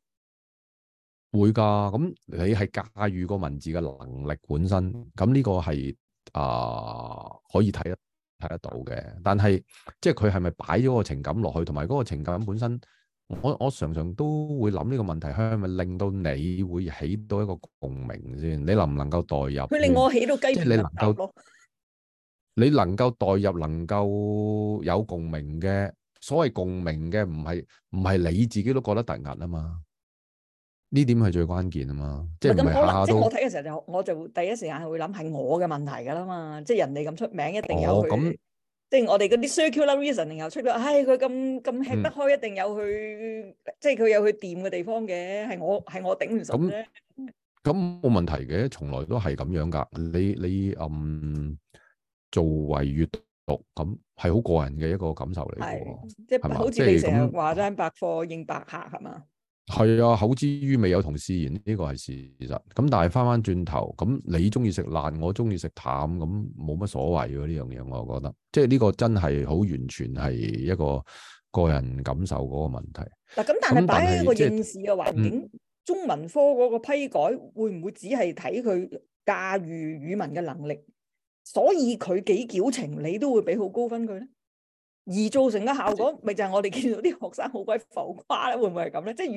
會噶。咁你係駕馭個文字嘅能力本身，咁呢個係啊、呃、可以睇得睇得到嘅。但係即係佢係咪擺咗個情感落去，同埋嗰個情感本身？我我常常都會諗呢個問題，係咪令到你會起到一個共鳴先？你能唔能夠代入？佢令我起到雞你能夠，你能夠代入，能夠有共鳴嘅。所謂共鳴嘅，唔係唔係你自己都覺得突兀啊嘛？呢點係最關鍵啊嘛！嗯、即係唔係咁可能、下下都？即係我睇嘅時候就我就第一時間係會諗係我嘅問題㗎啦嘛！即係人哋咁出名一定有佢、哦。哦哦哦。即係我哋嗰啲 circular reasoning，又出咗，唉，佢咁咁吃得開，一定有去，即係佢有去掂嘅地方嘅，係我係我頂唔順咧。咁，咁冇問題嘅，從來都係咁樣噶。你你嗯，作為閲讀，咁係好個人嘅一個感受嚟嘅，即係好似你成日話齋百貨應百客係嘛？係啊，口之於味有同視焉，呢、這個係事實。咁但係翻翻轉頭，咁你中意食辣，我中意食淡，咁冇乜所謂喎。呢樣嘢我覺得，即係呢個真係好完全係一個個人感受嗰個問題。嗱，咁但係擺喺一個應試嘅環境，嗯、中文科嗰個批改會唔會只係睇佢駕馭語文嘅能力？所以佢幾矯情，你都會俾好高分佢咧？而造成嘅效果，咪就係、是、我哋見到啲學生好鬼浮誇咧，會唔會係咁咧？即係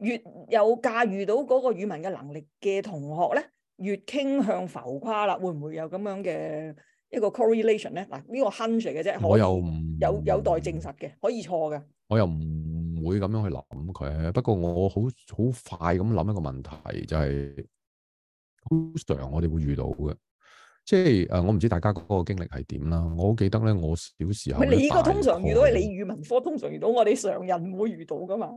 越越有駕馭到嗰個語文嘅能力嘅同學咧，越傾向浮誇啦，會唔會有咁樣嘅一個 correlation 咧？嗱、這個，呢個 hunch 嘅啫，我有有待證實嘅，可以錯嘅。我又唔會咁樣去諗佢，不過我好好快咁諗一個問題，就係、是、好常我哋會遇到嘅。即係誒、呃，我唔知大家嗰個經歷係點啦。我記得咧，我小時候唔係你呢個通常遇到係你語文科通常遇到，我哋常人會遇到噶嘛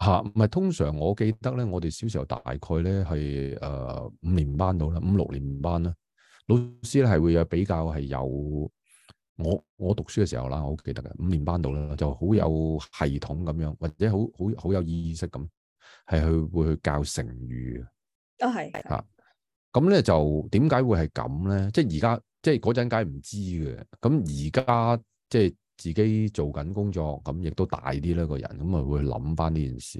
吓，唔係通常我記得咧，我哋小時候大概咧係誒五年班到啦，五六年班啦，老師咧係會有比較係有我我讀書嘅時候啦，我好記得嘅五年班到啦就好有系統咁樣，或者好好好有意識咁係去會去教成語啊係吓。哦咁咧就點解會係咁咧？即係而家即係嗰陣，梗係唔知嘅。咁而家即係自己做緊工作，咁亦都大啲咧個人，咁啊會諗翻呢件事。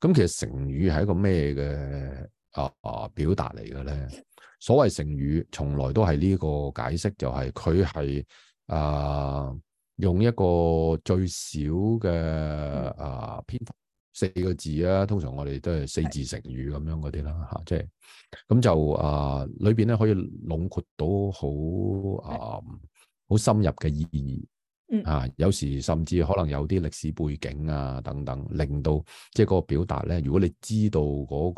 咁其實成語係一個咩嘅啊啊表達嚟嘅咧？所謂成語，從來都係呢個解釋，就係佢係啊用一個最少嘅啊編。四個字啊，通常我哋都係四字成語咁樣嗰啲啦，吓的，即係咁就，是、就啊裏邊咧可以籠括到好啊好深入嘅意義，的啊，有時甚至可能有啲歷史背景啊等等，令到即係嗰個表達咧，如果你知道嗰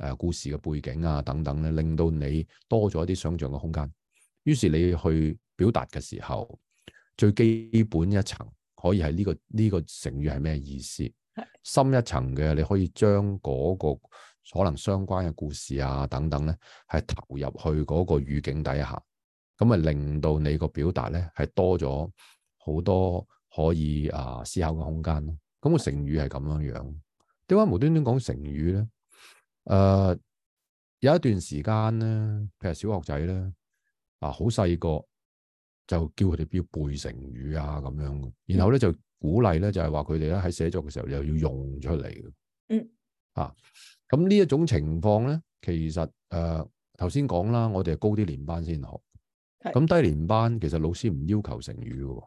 個誒故事嘅背景啊等等咧，令到你多咗一啲想象嘅空間，於是你去表達嘅時候，最基本一層可以係呢、這個呢、這個成語係咩意思？深一層嘅，你可以將嗰個可能相關嘅故事啊等等咧，係投入去嗰個語境底下，咁咪令到你個表達咧係多咗好多可以啊、呃、思考嘅空間咯。咁、嗯個成語係咁樣樣，點解無端端講成語咧？誒、呃，有一段時間咧，譬如小學仔咧啊，好細個就叫佢哋要背成語啊咁樣，然後咧、嗯、就。鼓勵咧就係話佢哋咧喺寫作嘅時候又要用出嚟嘅，嗯，啊，咁呢一種情況咧，其實誒，頭先講啦，我哋係高啲年班先學，咁是、嗯、低年班其實老師唔要求成語嘅，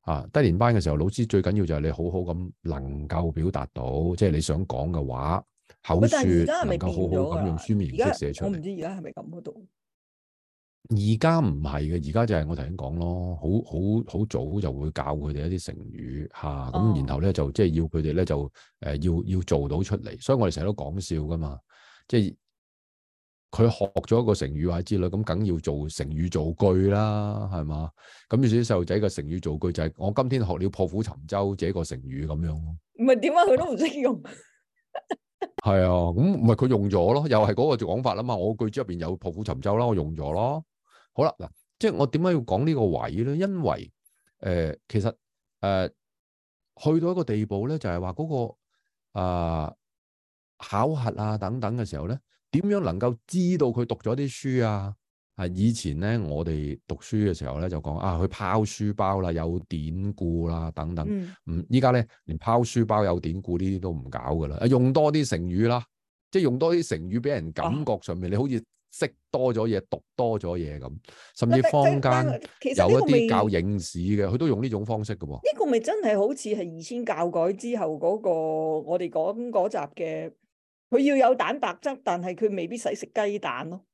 啊，低年班嘅時候老師最緊要就係你好好咁能夠表達到，即係你想講嘅話，口說是是能夠好好咁用書面形式寫出嚟。我唔知而家係咪咁嗰度？而家唔係嘅，而家就係我頭先講咯，好好好早就會教佢哋一啲成語吓，咁、哦啊、然後咧就即係、就是、要佢哋咧就誒、呃、要要做到出嚟，所以我哋成日都講笑噶嘛，即係佢學咗一個成語或者之類，咁梗要做成語造句啦，係嘛？咁於是啲細路仔嘅成語造句就係、是、我今天學了破釜沉舟這個成語咁樣咯。唔係點解佢都唔識用？係 啊，咁唔係佢用咗咯，又係嗰個講法啦嘛。我句子入邊有破釜沉舟啦，我用咗咯。好啦，嗱，即係我點解要講呢個位咧？因為誒、呃，其實誒、呃、去到一個地步咧，就係話嗰個、呃、考核啊等等嘅時候咧，點樣能夠知道佢讀咗啲書啊？啊，以前咧我哋讀書嘅時候咧就講啊，去拋書包啦，有典故啦等等。嗯。唔，依家咧連拋書包有典故呢啲都唔搞噶啦，啊，用多啲成語啦，即係用多啲成語俾人感覺上面你好似。哦識多咗嘢，讀多咗嘢咁，甚至坊間有一啲教影字嘅，佢都用呢種方式嘅喎。呢個咪真係好似係二千教改之後嗰個我哋講嗰集嘅，佢要有蛋白質，但係佢未必使食雞蛋咯。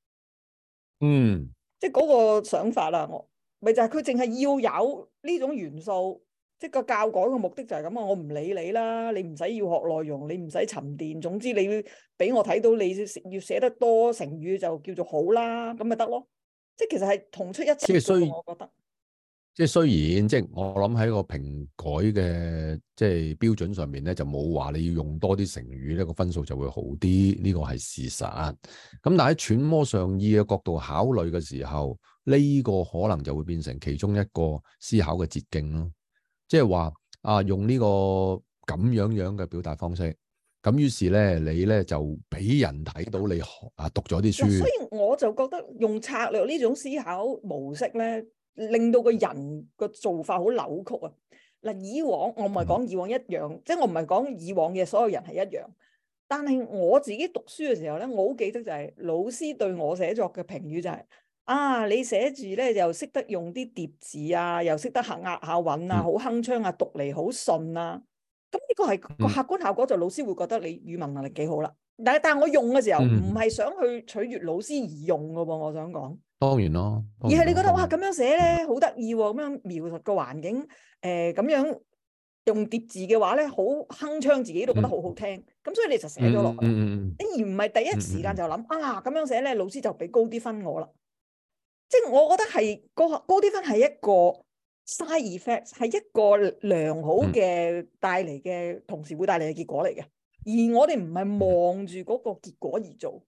嗯，即係嗰個想法啦，我咪就係佢淨係要有呢種元素。即個教改嘅目的就係咁啊！我唔理你啦，你唔使要學內容，你唔使沉澱。總之你要俾我睇到你要寫得多成語就叫做好啦，咁咪得咯。即其實係同出一詞。即雖然我覺得即雖然即我諗喺個評改嘅即係標準上面咧，就冇話你要用多啲成語呢個分數就會好啲。呢個係事實。咁但喺揣摩上意嘅角度考慮嘅時候，呢個可能就會變成其中一個思考嘅捷徑咯。即係話啊，用呢個咁樣樣嘅表達方式，咁於是咧，你咧就俾人睇到你學啊讀咗啲書。所以我就覺得用策略呢種思考模式咧，令到個人個做法好扭曲啊！嗱，以往我唔係講以往一樣，即係、嗯、我唔係講以往嘅所有人係一樣，但係我自己讀書嘅時候咧，我好記得就係老師對我寫作嘅評語就係、是。啊！你寫住咧，又識得用啲疊字啊，又識得吓壓下韻啊，好鏗鏘啊，讀嚟好順啊。咁、嗯、呢個係個客觀效果，就老師會覺得你語文能力幾好啦。但係，但係我用嘅時候唔係想去取悅老師而用噶喎、啊。我想講，當然咯。而係你覺得哇，咁、啊、樣寫咧好得意，咁、啊、樣描述個環境，誒、呃，咁樣用疊字嘅話咧，好鏗鏘，自己都覺得好好聽。咁、嗯、所以你就寫咗落去，嗯嗯、而唔係第一時間就諗、嗯、啊，咁樣寫咧，老師就俾高啲分我啦。即係我覺得係高高啲分係一個 side effect 係一個良好嘅帶嚟嘅，同時會帶嚟嘅結果嚟嘅。而我哋唔係望住嗰個結果而做，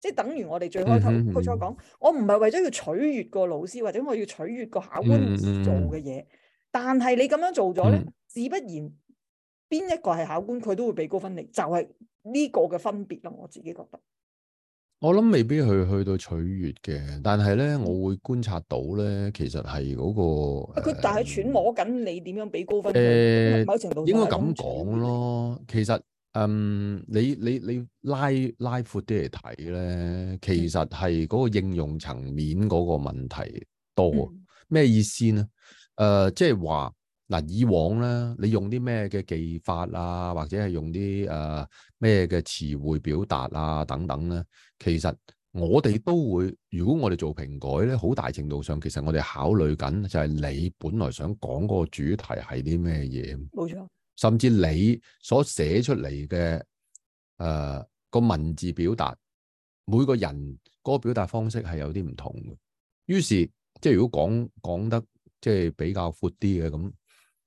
即係等於我哋最開頭佢 再講，我唔係為咗要取悅個老師或者我要取悅個考官做嘅嘢。但係你咁樣做咗咧，自不然邊一個係考官，佢都會俾高分你，就係、是、呢個嘅分別咯。我自己覺得。我諗未必去去到取悅嘅，但係咧我會觀察到咧，其實係嗰、那個，佢但係揣摩緊你點、呃、樣俾高分嘅、呃、某程度上，應該咁講咯。嗯、其實，嗯，你你你拉拉闊啲嚟睇咧，其實係嗰個應用層面嗰個問題多。咩、嗯、意思呢？誒、呃，即係話。嗱，以往咧，你用啲咩嘅技法啊，或者係用啲誒咩嘅詞彙表達啊等等咧，其實我哋都會，如果我哋做評改咧，好大程度上，其實我哋考慮緊就係你本來想講個主題係啲咩嘢，冇錯。甚至你所寫出嚟嘅誒個文字表達，每個人嗰個表達方式係有啲唔同嘅。於是，即係如果講講得即係比較闊啲嘅咁。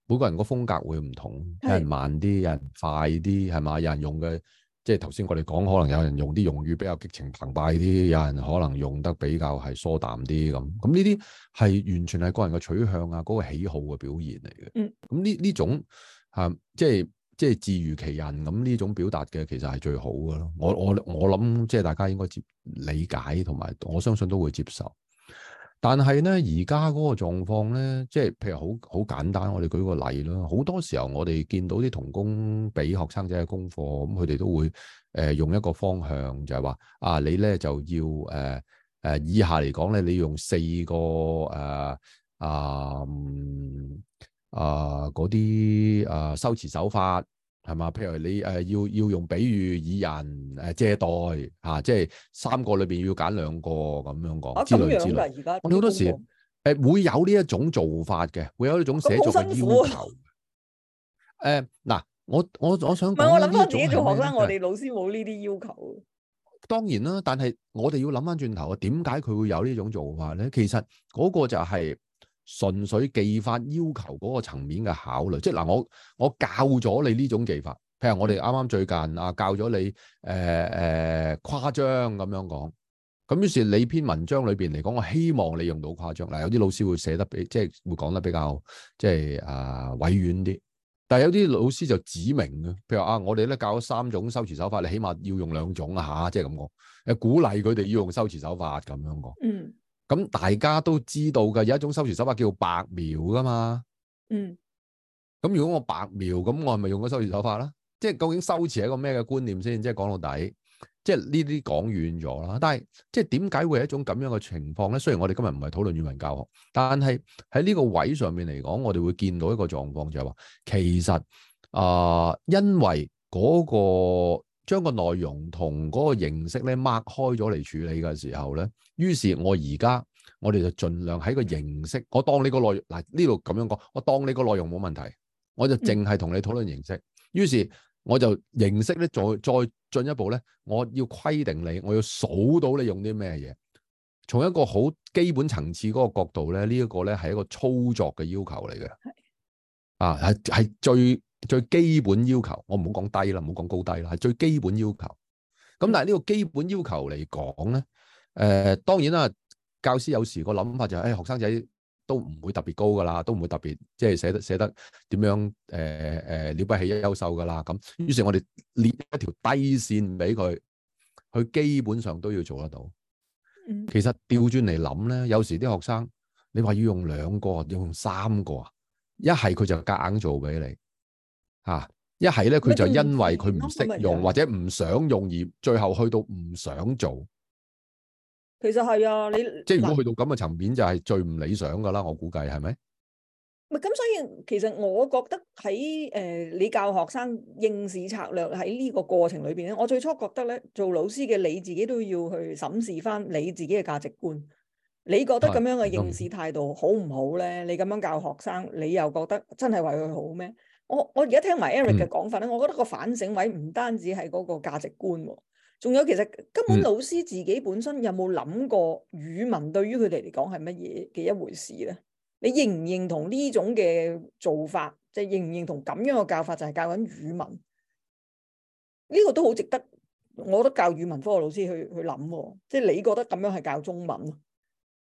每個人個風格會唔同，有人慢啲，有人快啲，係嘛？有人用嘅即係頭先我哋講，可能有人用啲用語比較激情澎湃啲，有人可能用得比較係疏淡啲咁。咁呢啲係完全係個人嘅取向啊，嗰個喜好嘅表現嚟嘅。嗯，咁呢呢種啊，即係即係自如其人咁呢種表達嘅，其實係最好嘅咯。我我我諗即係大家應該接理解同埋，我相信都會接受。但係咧，而家嗰個狀況咧，即係譬如好好簡單，我哋舉個例啦。好多時候我哋見到啲同工俾學生仔嘅功課，咁佢哋都會誒、呃、用一個方向，就係、是、話啊，你咧就要誒誒、呃呃、以下嚟講咧，你用四個誒啊啊嗰啲誒修辭手法。係嘛？譬如你誒要要用比喻、以人誒借代嚇、啊，即係三個裏邊要揀兩個咁樣講，啊、樣之類之類。而家好多時誒、呃、會有呢一種做法嘅，會有呢種寫作嘅要求。誒嗱、啊欸，我我我想講，我諗到自己做學生，我哋老師冇呢啲要求。當然啦，但係我哋要諗翻轉頭啊，點解佢會有呢種做法咧？其實嗰個就係、是。純粹技法要求嗰個層面嘅考慮，即係嗱，我我教咗你呢種技法，譬如我哋啱啱最近啊，教咗你誒誒誇張咁樣講，咁於是你篇文章裏邊嚟講，我希望你用到誇張。嗱，有啲老師會寫得比即係會講得比較即係誒委婉啲，但係有啲老師就指明嘅，譬如啊，我哋咧教咗三種修辭手法，你起碼要用兩種啊吓，即係咁講，誒鼓勵佢哋要用修辭手法咁樣講。嗯。咁大家都知道嘅，有一種修辭手法叫白描㗎嘛。嗯。咁如果我白描，咁我係咪用咗修辭手法啦？即係究竟修辭係一個咩嘅觀念先？即係講到底，即係呢啲講遠咗啦。但係即係點解會係一種咁樣嘅情況咧？雖然我哋今日唔係討論語文教學，但係喺呢個位上面嚟講，我哋會見到一個狀況就係話，其實啊，呃，因為嗰個。將個內容同嗰個形式咧擘開咗嚟處理嘅時候咧，於是我而家我哋就盡量喺個形式，我當你個內容，嗱呢度咁樣講，我當你個內容冇問題，我就淨係同你討論形式。於是我就形式咧再再進一步咧，我要規定你，我要數到你用啲咩嘢，從一個好基本層次嗰個角度咧，這個、呢一個咧係一個操作嘅要求嚟嘅。係的，啊係係最。最基本要求，我唔好講低啦，唔好講高低啦，係最基本要求。咁但係呢個基本要求嚟講咧，誒、呃，當然啦，教師有時個諗法就係、是，誒、欸，學生仔都唔會特別高噶啦，都唔會特別即係寫得寫得點樣，誒、呃、誒、呃、了不起優秀噶啦。咁於是我哋列一條底線俾佢，佢基本上都要做得到。其實調轉嚟諗咧，有時啲學生，你話要用兩個，要用三個啊，一係佢就夾硬做俾你。啊！一係咧，佢就因為佢唔識用或者唔想用而最後去到唔想做。其實係啊，你即係如果去到咁嘅層面，就係最唔理想噶啦。我估計係咪？咁，所以其實我覺得喺誒、呃，你教學生應試策略喺呢個過程裏邊咧，我最初覺得咧，做老師嘅你自己都要去審視翻你自己嘅價值觀。你覺得咁樣嘅應試態度好唔好咧？你咁樣教學生，你又覺得真係為佢好咩？我我而家聽埋 Eric 嘅講法咧，我覺得個反省位唔單止係嗰個價值觀喎、哦，仲有其實根本老師自己本身有冇諗過語文對於佢哋嚟講係乜嘢嘅一回事咧？你認唔認同呢種嘅做法？即、就、係、是、認唔認同咁樣嘅教法就係教緊語文？呢、這個都好值得，我覺得教語文科嘅老師去去諗、哦，即係你覺得咁樣係教中文？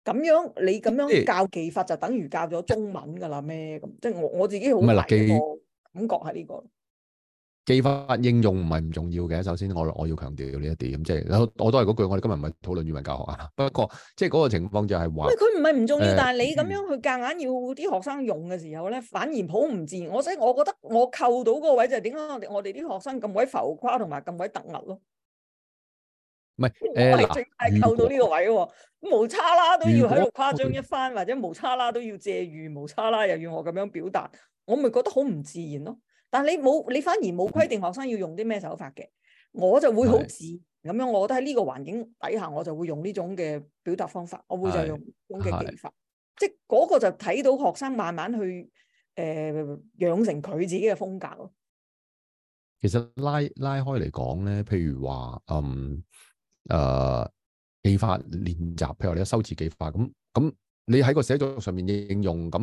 咁樣你咁樣教技法就等於教咗中文噶啦咩？咁即係我我自己好個感覺係呢、這個技，技法應用唔係唔重要嘅。首先我我要強調呢一點，即係我，我都係嗰句，我哋今日唔係討論語文教學啊。不過即係嗰個情況就係話，喂佢唔係唔重要，呃、但係你咁樣去夾硬要啲學生用嘅時候咧，反而好唔自然。我即係我覺得我扣到嗰位就係點解我哋我哋啲學生咁鬼浮誇同埋咁鬼突兀咯。欸、我係，最係扣到呢個位喎，果無差啦都要喺度誇張一番，果或者無差啦都要借喻，無差啦又要我咁樣表達，我咪覺得好唔自然咯。但係你冇，你反而冇規定學生要用啲咩手法嘅。嗯、我就會好自然咁樣。我覺得喺呢個環境底下，我就會用呢種嘅表達方法，我會就用呢種嘅技法。即係嗰、那個就睇到學生慢慢去誒、呃、養成佢自己嘅風格咯。其實拉拉開嚟講咧，譬如話嗯。誒，技法練習，譬如你嘅修辭技法，咁咁你喺個寫作上面應用，咁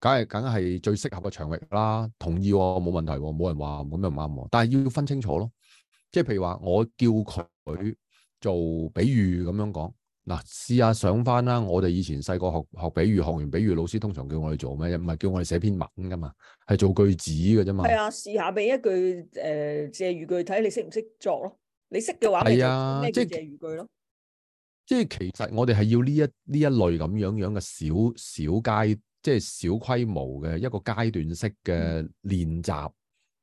梗係梗係最適合嘅場域啦。同意、喎，冇問題、喎，冇人話冇乜唔啱。但係要分清楚咯，即係譬如話我叫佢做比喻咁樣講，嗱，試下上翻啦。我哋以前細個學學比喻，學完比喻，老師通常叫我哋做咩？唔係叫我哋寫篇文噶嘛，係做句子嘅啫嘛。係啊，試下俾一句誒、呃、借喻句，睇你識唔識作咯。你識嘅話，係啊，即係句咯。即係其實我哋係要呢一呢一類咁樣樣嘅小小階，即係小規模嘅一個階段式嘅練習，嗯、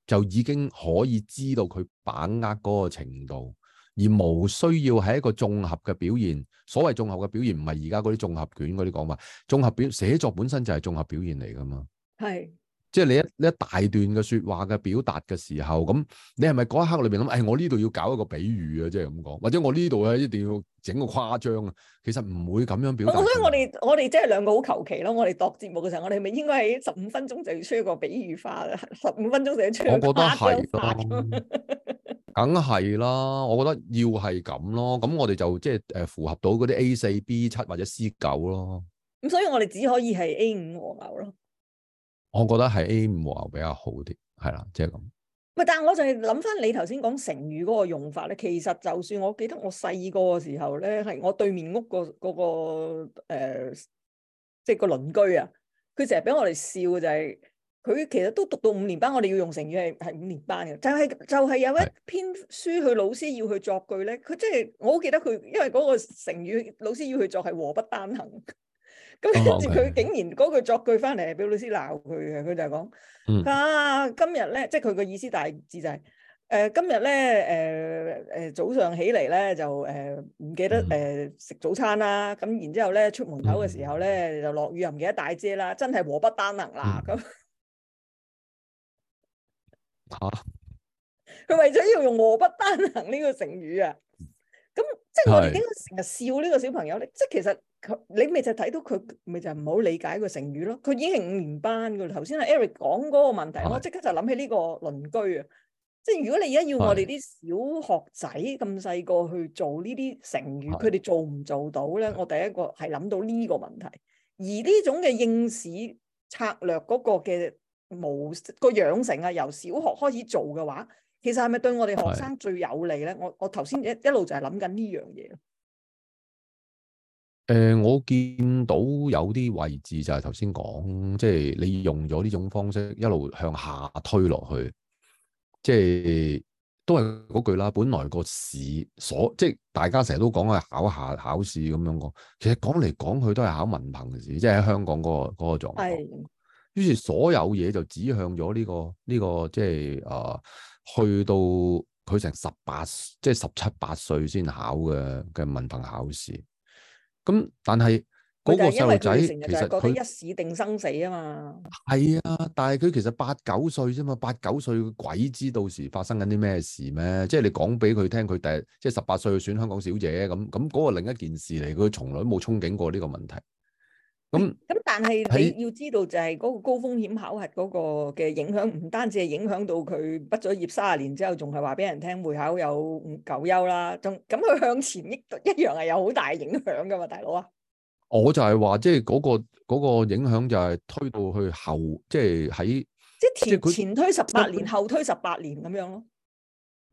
就已經可以知道佢把握嗰個程度，而冇需要喺一個綜合嘅表現。所謂綜合嘅表現，唔係而家嗰啲綜合卷嗰啲講法。綜合表寫作本身就係綜合表現嚟噶嘛。係。即係你一呢一大段嘅說話嘅表達嘅時候，咁你係咪嗰一刻裏邊諗？誒、哎，我呢度要搞一個比喻啊，即係咁講，或者我呢度啊一定要整個誇張啊？其實唔會咁樣表達我我。我所以我哋我哋即係兩個好求其咯。我哋度節目嘅時候，我哋係咪應該喺十五分鐘就要出一個比喻化啦、啊。十五分鐘就要出一個法我誇張化。梗係 啦，我覺得要係咁咯。咁我哋就即係誒符合到嗰啲 A 四、B 七或者 C 九咯。咁所以，我哋只可以係 A 五和牛咯。我覺得係 A 五啊比較好啲，係啦，即係咁。唔但係我就係諗翻你頭先講成語嗰個用法咧。其實就算我記得我細個嘅時候咧，係我對面屋、嗰個嗰個、呃、即係個鄰居啊，佢成日俾我哋笑嘅就係、是、佢其實都讀到五年班，我哋要用成語係係五年班嘅，就係、是、就係、是、有一篇書佢的老師要去作句咧，佢即係我好記得佢，因為嗰個成語老師要去作係禍不單行。咁跟住佢竟然嗰句作句翻嚟，俾老師鬧佢嘅。佢就係講：啊，今日咧，即係佢個意思大致就係誒，今日咧，誒誒早上起嚟咧，就誒唔記得誒食早餐啦。咁然之後咧，出門口嘅時候咧，就落雨又唔記得帶遮啦。真係禍不單行啦！咁嚇，佢為咗要用禍不單行呢個成語啊！咁即係我哋經常成日笑呢個小朋友咧，即係其實。佢你咪就睇到佢咪就唔好理解個成語咯。佢已經係五年班噶。頭先係 Eric 講嗰個問題，是我即刻就諗起呢個鄰居啊。即係如果你而家要我哋啲小學仔咁細個去做呢啲成語，佢哋是做唔做到咧？是我第一個係諗到呢個問題。而呢種嘅應試策略嗰個嘅無個養成啊，由小學開始做嘅話，其實係咪對我哋學生最有利咧是？我我頭先一一路就係諗緊呢樣嘢。誒、呃，我見到有啲位置就係頭先講，即、就、係、是、你用咗呢種方式一路向下推落去，即、就、係、是、都係嗰句啦。本來個市所即係、就是、大家成日都講係，考下考試咁樣講，其實講嚟講去都係考文憑試，即係喺香港嗰、那個嗰、那個狀況。於是，的是所有嘢就指向咗呢個呢個，即係誒，去到佢成十八即係十七八歲先考嘅嘅文憑考試。咁，但係嗰個細路仔，其實佢一試定生死啊嘛。係啊，但係佢其實八九歲啫嘛，八九歲鬼知道到時發生緊啲咩事咩？即係你講俾佢聽，佢第日即係十八歲去選香港小姐咁，咁嗰個另一件事嚟，佢從來冇憧憬過呢個問題。咁咁，但係你要知道，就係嗰個高風險考核嗰個嘅影響，唔單止係影響到佢畢咗業三十年之後，仲係話俾人聽會考有唔夠優啦，仲咁佢向前一一樣係有好大影響噶嘛，大佬啊！我就係話，即係嗰個嗰個影響就係推到去後，即係喺即係前推十八年，後推十八年咁樣咯。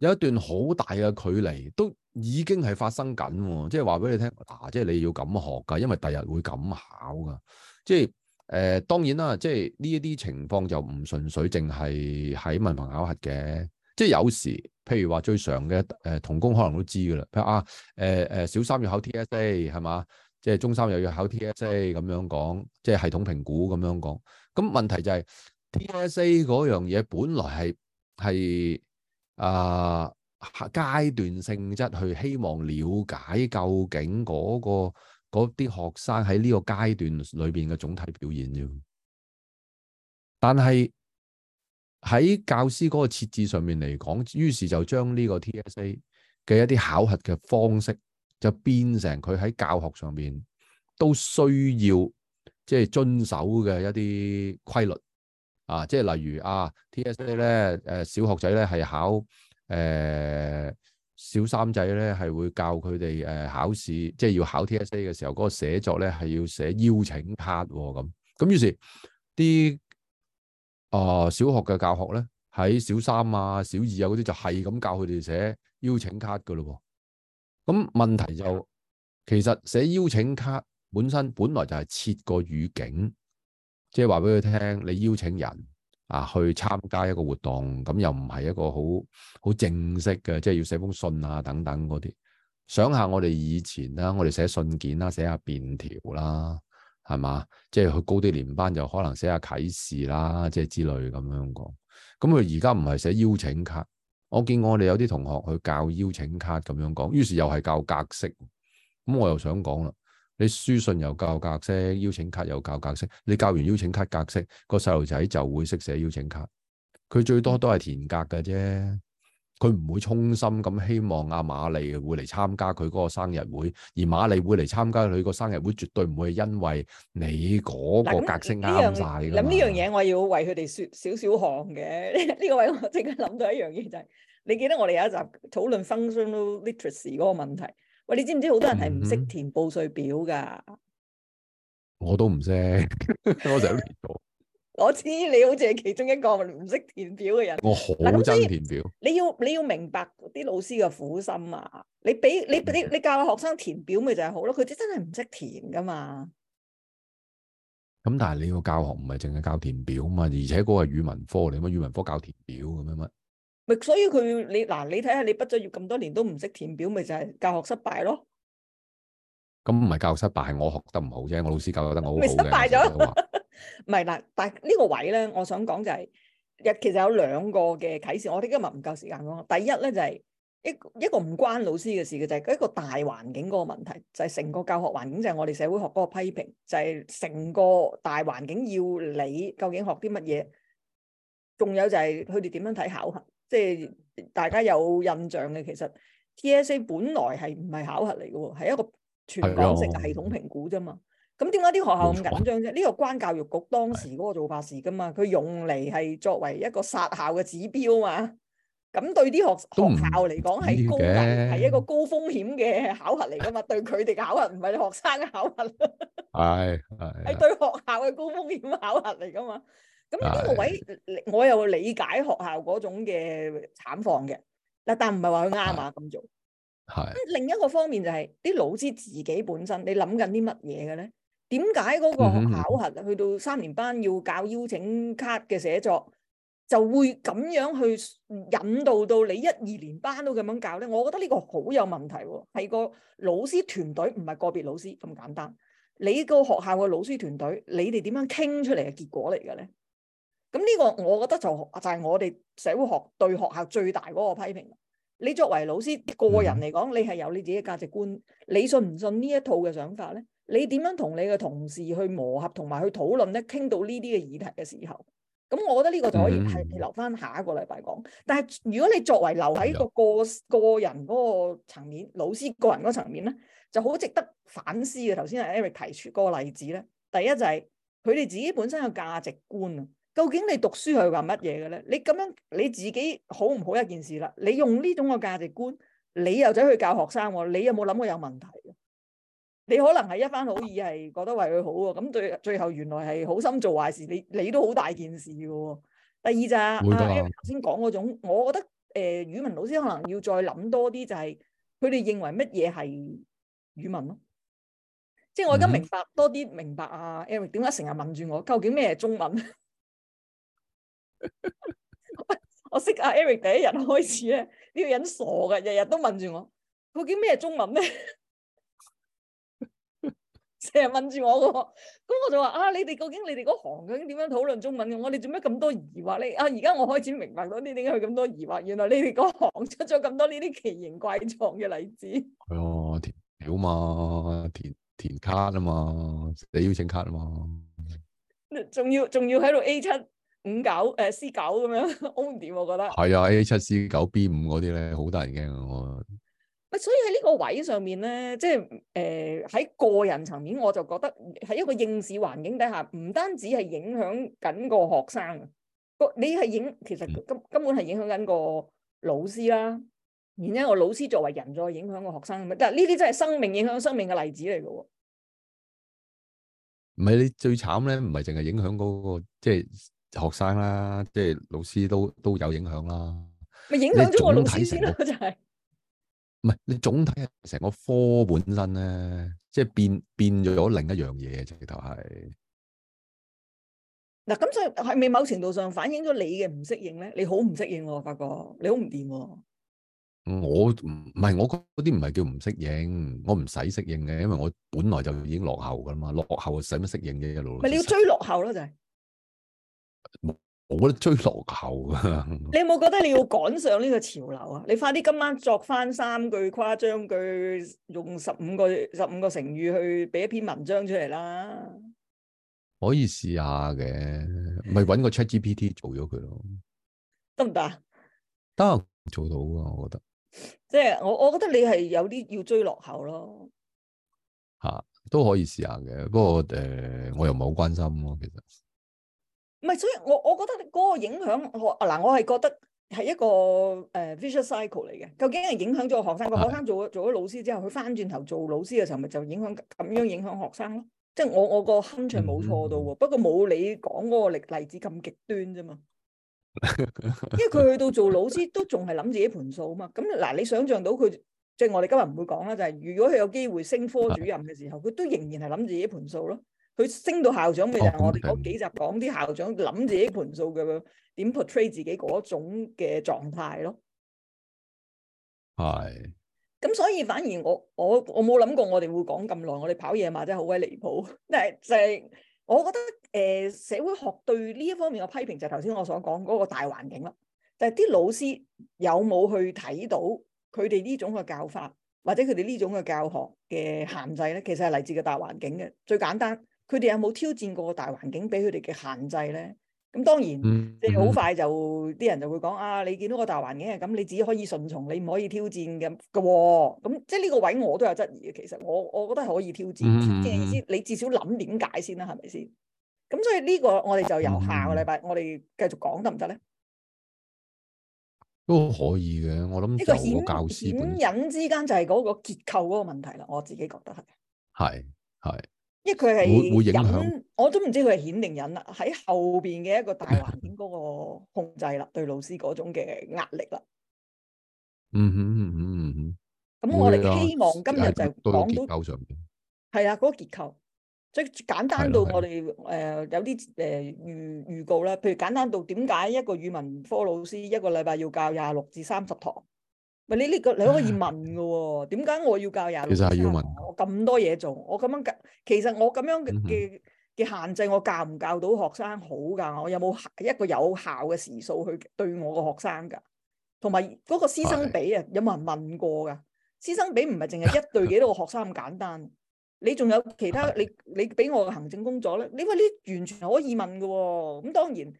有一段好大嘅距離，都已經係發生緊喎。即係話俾你聽，嗱，即係你要咁學㗎，因為第日會咁考㗎。即係誒，當然啦，即係呢一啲情況就唔純粹淨係喺文憑考核嘅。即係有時，譬如話最常嘅誒，童工可能都知㗎啦。譬如啊，誒誒，小三要考 TSA 係嘛，即係中三又要考 TSA 咁樣講，即係系統評估咁樣講。咁問題就係 TSA 嗰樣嘢，本來係係。啊，階、uh, 段性質去希望了解究竟嗰、那個嗰啲學生喺呢個階段裏邊嘅總體表現啫。但係喺教師嗰個設置上面嚟講，於是就將呢個 TSA 嘅一啲考核嘅方式就變成佢喺教學上邊都需要即係遵守嘅一啲規律。啊，即係例如啊，TSA 咧，誒、呃，小學仔咧係考，誒、呃，小三仔咧係會教佢哋誒考試，即係要考 TSA 嘅時候，嗰、那個寫作咧係要寫邀請卡咁、哦，咁於是啲啊、呃、小學嘅教學咧喺小三啊、小二啊嗰啲就係咁教佢哋寫邀請卡噶咯、哦，咁問題就其實寫邀請卡本身本來就係設個語境。即係話俾佢聽，你邀請人啊去參加一個活動，咁又唔係一個好好正式嘅，即係要寫封信啊等等嗰啲。想下我哋以前啦，我哋寫信件啦、啊，寫下便條啦，係嘛？即係去高啲年班就可能寫下啟事啦、啊，即係之類咁樣講。咁佢而家唔係寫邀請卡，我見過我哋有啲同學去教邀請卡咁樣講，於是又係教格式。咁我又想講啦。你書信又教格式，邀請卡又教格式。你教完邀請卡格式，個細路仔就會識寫邀請卡。佢最多都係填格嘅啫，佢唔會衷心咁希望阿瑪麗會嚟參加佢嗰個生日會。而瑪麗會嚟參加佢個生日會，絕對唔會係因為你嗰個格式啱晒。諗呢樣嘢，樣我要為佢哋說少少行嘅。呢 個位我即刻諗到一樣嘢就係、是，你記得我哋有一集討論 functional literacy 嗰個問題。喂，你知唔知好多人係唔識填報稅表噶？我都唔識， 我成日都填到。我知你好似係其中一個唔識填表嘅人。我好憎填表。你，你要你要明白啲老師嘅苦心啊！你俾你你你教學生填表咪就係好咯？佢啲真係唔識填噶嘛。咁但係你個教學唔係淨係教填表啊嘛？而且嗰個係語文科嚟，咁語文科教填表咁樣乜？咪所以佢你嗱，你睇下你畢咗業咁多年都唔識填表，咪就係教學失敗咯？咁唔係教學失敗，係我學得唔好啫。我老師教得我唔好，咪失敗咗。唔係嗱，但呢個位咧，我想講就係，其實有兩個嘅啟示。我哋今日唔夠時間講。第一咧就係一一個唔關老師嘅事嘅，就係一個大環境嗰個問題，就係成個教學環境就係我哋社會學嗰個批評，就係成個大環境要你究竟學啲乜嘢，仲有就係佢哋點樣睇考核。即係大家有印象嘅，其實 TSA 本來係唔係考核嚟嘅喎，係一個全港性嘅系統評估啫嘛。咁點解啲學校咁緊張啫？呢錯個關教育局當時嗰個做法事噶嘛，佢用嚟係作為一個殺校嘅指標嘛。咁對啲學學校嚟講係高係一個高風險嘅考核嚟噶嘛，對佢哋嘅考核唔係你學生嘅考核，係係 對學校嘅高風險考核嚟噶嘛。咁呢個位，的我又理解學校嗰種嘅慘況嘅嗱，但唔係話佢啱啊咁做。係的另一個方面就係、是、啲老師自己本身，你諗緊啲乜嘢嘅咧？點解嗰個考核去到三年班要搞邀請卡嘅寫作，的就會咁樣去引導到你一二年班都咁樣搞咧？我覺得呢個好有問題喎、啊，係個老師團隊唔係個別老師咁簡單。你個學校嘅老師團隊，你哋點樣傾出嚟嘅結果嚟嘅咧？咁呢個我覺得就就係我哋社會學對學校最大嗰個批評。你作為老師個人嚟講，你係有你自己嘅價值觀，你信唔信呢一套嘅想法咧？你點樣同你嘅同事去磨合同埋去討論咧？傾到呢啲嘅議題嘅時候，咁我覺得呢個就可以係留翻下一個禮拜講。但係如果你作為留喺個個個人嗰個層面，老師個人嗰層面咧，就好值得反思嘅。頭先係 Eric 提出嗰個例子咧，第一就係佢哋自己本身嘅價值觀啊。究竟你讀書係話乜嘢嘅咧？你咁樣你自己好唔好一件事啦？你用呢種個價值觀，你又走去教學生，啊，你有冇諗過有問題？啊？你可能係一番好意，係覺得為佢好喎。咁最最後原來係好心做壞事，你你都好大件事嘅喎，啊。第二就阿、是啊、Eric 頭先講嗰種，我覺得誒、呃、語文老師可能要再諗多啲，就是，就係佢哋認為乜嘢係語文咯，啊。即係我而家明白、嗯、多啲，明白啊，Eric 點解成日問住我，究竟咩係中文？ 我識阿 Eric 第一日開始咧，呢、這個人傻嘅，日日都問住我，究竟咩中文咧？成 日問住我個，咁、嗯、我就話啊，你哋究竟你哋嗰行究竟點樣討論中文嘅？我哋做咩咁多疑惑咧？啊，而家我開始明白到你點解有咁多疑惑，原來你哋嗰行出咗咁多呢啲奇形怪狀嘅例子。係啊、哦，填表嘛，填填卡啊嘛，你邀請卡啊嘛，仲要仲要喺度 A 七。五九誒，C 九咁樣，唔掂。我覺得係啊，A 七 C 九 B 五嗰啲咧，好大驚啊！我咪所以喺呢個位上面咧，即係誒喺個人層面，我就覺得喺一個應試環境底下，唔單止係影響緊個學生個，你係影其實根根本係影響緊個老師啦。嗯、然之後我老師作為人再影響個學生，但係呢啲真係生命影響生命嘅例子嚟嘅。唔係你最慘咧，唔係淨係影響嗰、嗰個即係。就是學生啦，即係老師都都有影響啦。咪影響咗我老師先咯，就係唔係？你總體係成個科本身咧，即係變變咗另一樣嘢，直頭係嗱。咁所以係未某程度上反映咗你嘅唔適應咧。你好唔適應，發覺你好唔掂。我唔唔係我嗰啲唔係叫唔適應，我唔使適應嘅，因為我本來就已經落後噶啦嘛，落後使乜適應嘅一路。咪你要追落後咯，就係。我覺得追落後啊！ 你有冇覺得你要趕上呢個潮流啊？你快啲今晚作返三句誇張句，用十五個十五個成語去俾一篇文章出嚟啦！可以試下嘅，咪搵個 ChatGPT 做咗佢咯，得唔得啊？得，做到噶，我覺得。即係我，我覺得你係有啲要追落後咯。吓、啊、都可以試下嘅，不過誒，我又唔係好關心咯，其實。唔係，所以我我覺得嗰個影響我嗱，我係覺得係一個誒 vicious cycle 嚟嘅。究竟係影響咗學生，個學生做咗做咗老師之後，佢返轉頭做老師嘅時候，咪就影響咁樣影響學生咯？即係我我個 hunch 冇錯到喎，不過冇你講嗰個例例子咁極端啫嘛。因為佢去到做老師都仲係諗自己盤數啊嘛。咁嗱，你想象到佢即係我哋今日唔會講啦，就係如果佢有機會升科主任嘅時候，佢都仍然係諗自己盤數咯。佢升到校長咪就係我哋嗰幾集講啲校長諗自己盤數，咁樣點 portray 自己嗰種嘅狀態咯，係。咁所以反而我我我冇諗過我哋會講咁耐，我哋跑野馬真係好鬼離譜。但係就係我覺得誒、呃、社會學對呢一方面嘅批評就係頭先我所講嗰個大環境啦。就係啲老師有冇去睇到佢哋呢種嘅教法或者佢哋呢種嘅教學嘅限制咧？其實係嚟自個大環境嘅最簡單。佢哋有冇挑戰過個大環境俾佢哋嘅限制咧？咁當然，即係好快就啲、嗯、人就會講啊！你見到個大環境咁，你自己可以順從，你唔可以挑戰嘅嘅。咁、嗯、即係呢個位我都有質疑嘅。其實我我覺得係可以挑戰，即係、嗯、意思你至少諗點解先啦、啊，係咪先？咁所以呢個我哋就由下個禮拜、嗯、我哋繼續講得唔得咧？都可以嘅，我諗。呢個顯顯隱之間就係嗰個結構嗰個問題啦。我自己覺得係係係。因為佢係隱，會影響我都唔知佢係顯定隱啦。喺後邊嘅一個大環境嗰個控制啦， 對老師嗰種嘅壓力啦。嗯嗯嗯嗯嗯。咁我哋希望今日就講到。係啊，嗰、啊那個結構，所以簡單到我哋誒、呃、有啲誒預預告啦，譬如簡單到點解一個語文科老師一個禮拜要教廿六至三十堂。你呢個你可以問㗎喎，點解我要教人？廿六堂？其實要問，我咁多嘢做，我咁樣教，其實我咁樣嘅嘅、嗯、哼限制，我教唔教到學生好㗎？我有冇一個有效嘅時數去對我個學生㗎？同埋嗰個師生比啊，的有冇人問過㗎？師生比唔係淨係一對幾多個學生咁 簡單，你仲有其他的你你俾我嘅行政工作咧？你話呢，完全可以問㗎喎，咁當然。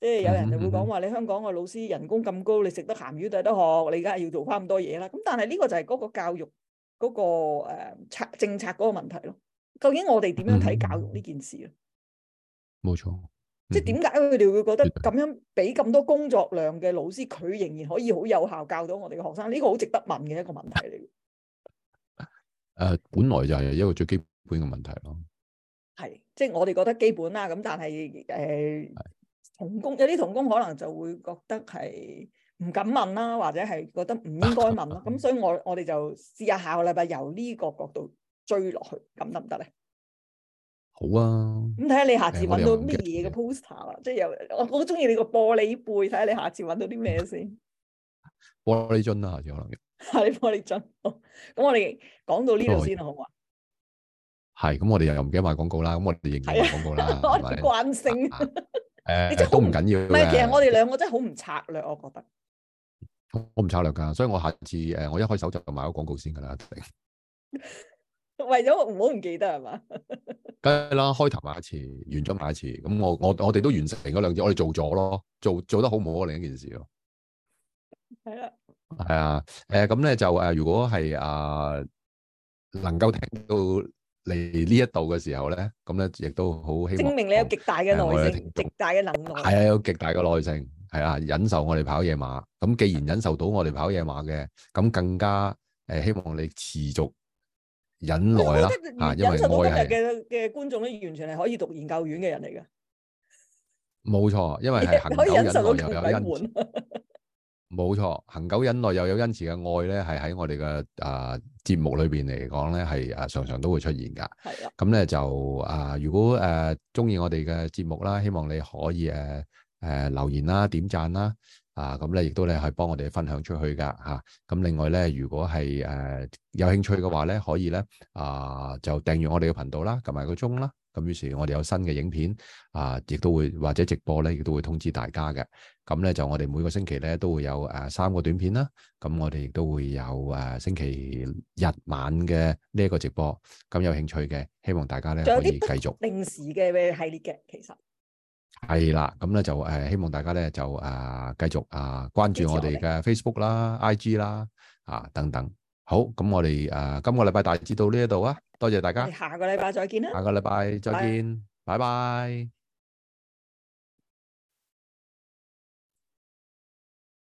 即係有人就會講話，你香港個老師人工咁高，你食得鹹魚抵得渴，你而家要做翻咁多嘢啦。咁但係呢個就係嗰個教育嗰個誒策政策嗰個問題咯。究竟我哋點樣睇教育呢件事啊？冇錯，即係點解佢哋會覺得咁樣俾咁多工作量嘅老師，佢仍然可以好有效教到我哋嘅學生？呢個好值得問嘅一個問題嚟嘅。誒，本來就係一個最基本嘅問題咯。係，即係我哋覺得基本啦。咁但係誒。同工，有啲同工可能就會覺得係唔敢問啦，或者係覺得唔應該問啦。咁所以我我哋就試下下個禮拜由呢個角度追落去，咁得唔得咧？好啊！咁睇下你下次揾到咩嘢嘅 poster 啦，即係又我好中意你個玻璃杯，睇下你下次揾到啲咩先。玻璃樽啦，下次可能下啲玻璃樽。咁、啊、我哋講到呢度先，好唔好啊？係拜。咁 我哋又唔記得賣廣告啦，咁我哋仍然賣廣告啦，係慣性。誒，都唔緊要，唔係是，其實我哋兩個真係好唔策略，我覺得好唔策略噶，所以我下次誒，我一開手就買咗廣告先噶啦，一定 為咗唔好唔記得係嘛，梗係啦，開頭買一次，完咗買一次，咁我我我哋都完成嗰兩支，我哋做咗咯，做做得好唔好啊？另一件事咯，係啦的，係啊，誒咁咧就誒、呃，如果係啊、呃，能夠聽到。嚟呢一度嘅時候咧，咁咧亦都好希望證明你有極大嘅耐性、呃、耐性耐性極大嘅能耐。係啊，有極大嘅耐性，係啊，忍受我哋跑夜馬。咁既然忍受到我哋跑夜馬嘅，咁更加誒希望你持續忍耐啦。啊，因為，因為愛係嘅觀眾咧，完全係可以讀研究院嘅人嚟嘅。冇錯，因為係肯忍，忍耐又有。冇錯，恒久忍耐又有恩慈嘅愛咧，係喺我哋嘅啊節目裏邊嚟講咧，係啊常常都會出現噶。係啊的，咁咧就啊、呃，如果誒中意我哋嘅節目啦，希望你可以誒誒、呃呃、留言啦、點讚啦啊，咁咧亦都咧係幫我哋分享出去噶吓。咁、啊、另外咧，如果係誒、呃、有興趣嘅話咧，可以咧啊、呃、就訂閱我哋嘅頻道啦，撳埋個鐘啦。咁於是，我哋有新嘅影片啊，亦都會或者直播咧，亦都會通知大家嘅。咁咧就我哋每個星期咧都會有誒三個短片啦。咁我哋亦都會有誒星期日晚嘅呢一個直播。咁有興趣嘅，希望大家咧可以繼續。定時嘅系列嘅，其實係啦。咁咧就誒希望大家咧就誒繼續啊關注我哋嘅 Facebook 啦、IG 啦啊等等。好，咁我哋誒今個禮拜大致到呢一度啊。多謝大家，下個禮拜再見啦！下個禮拜再見，拜拜 Bye.。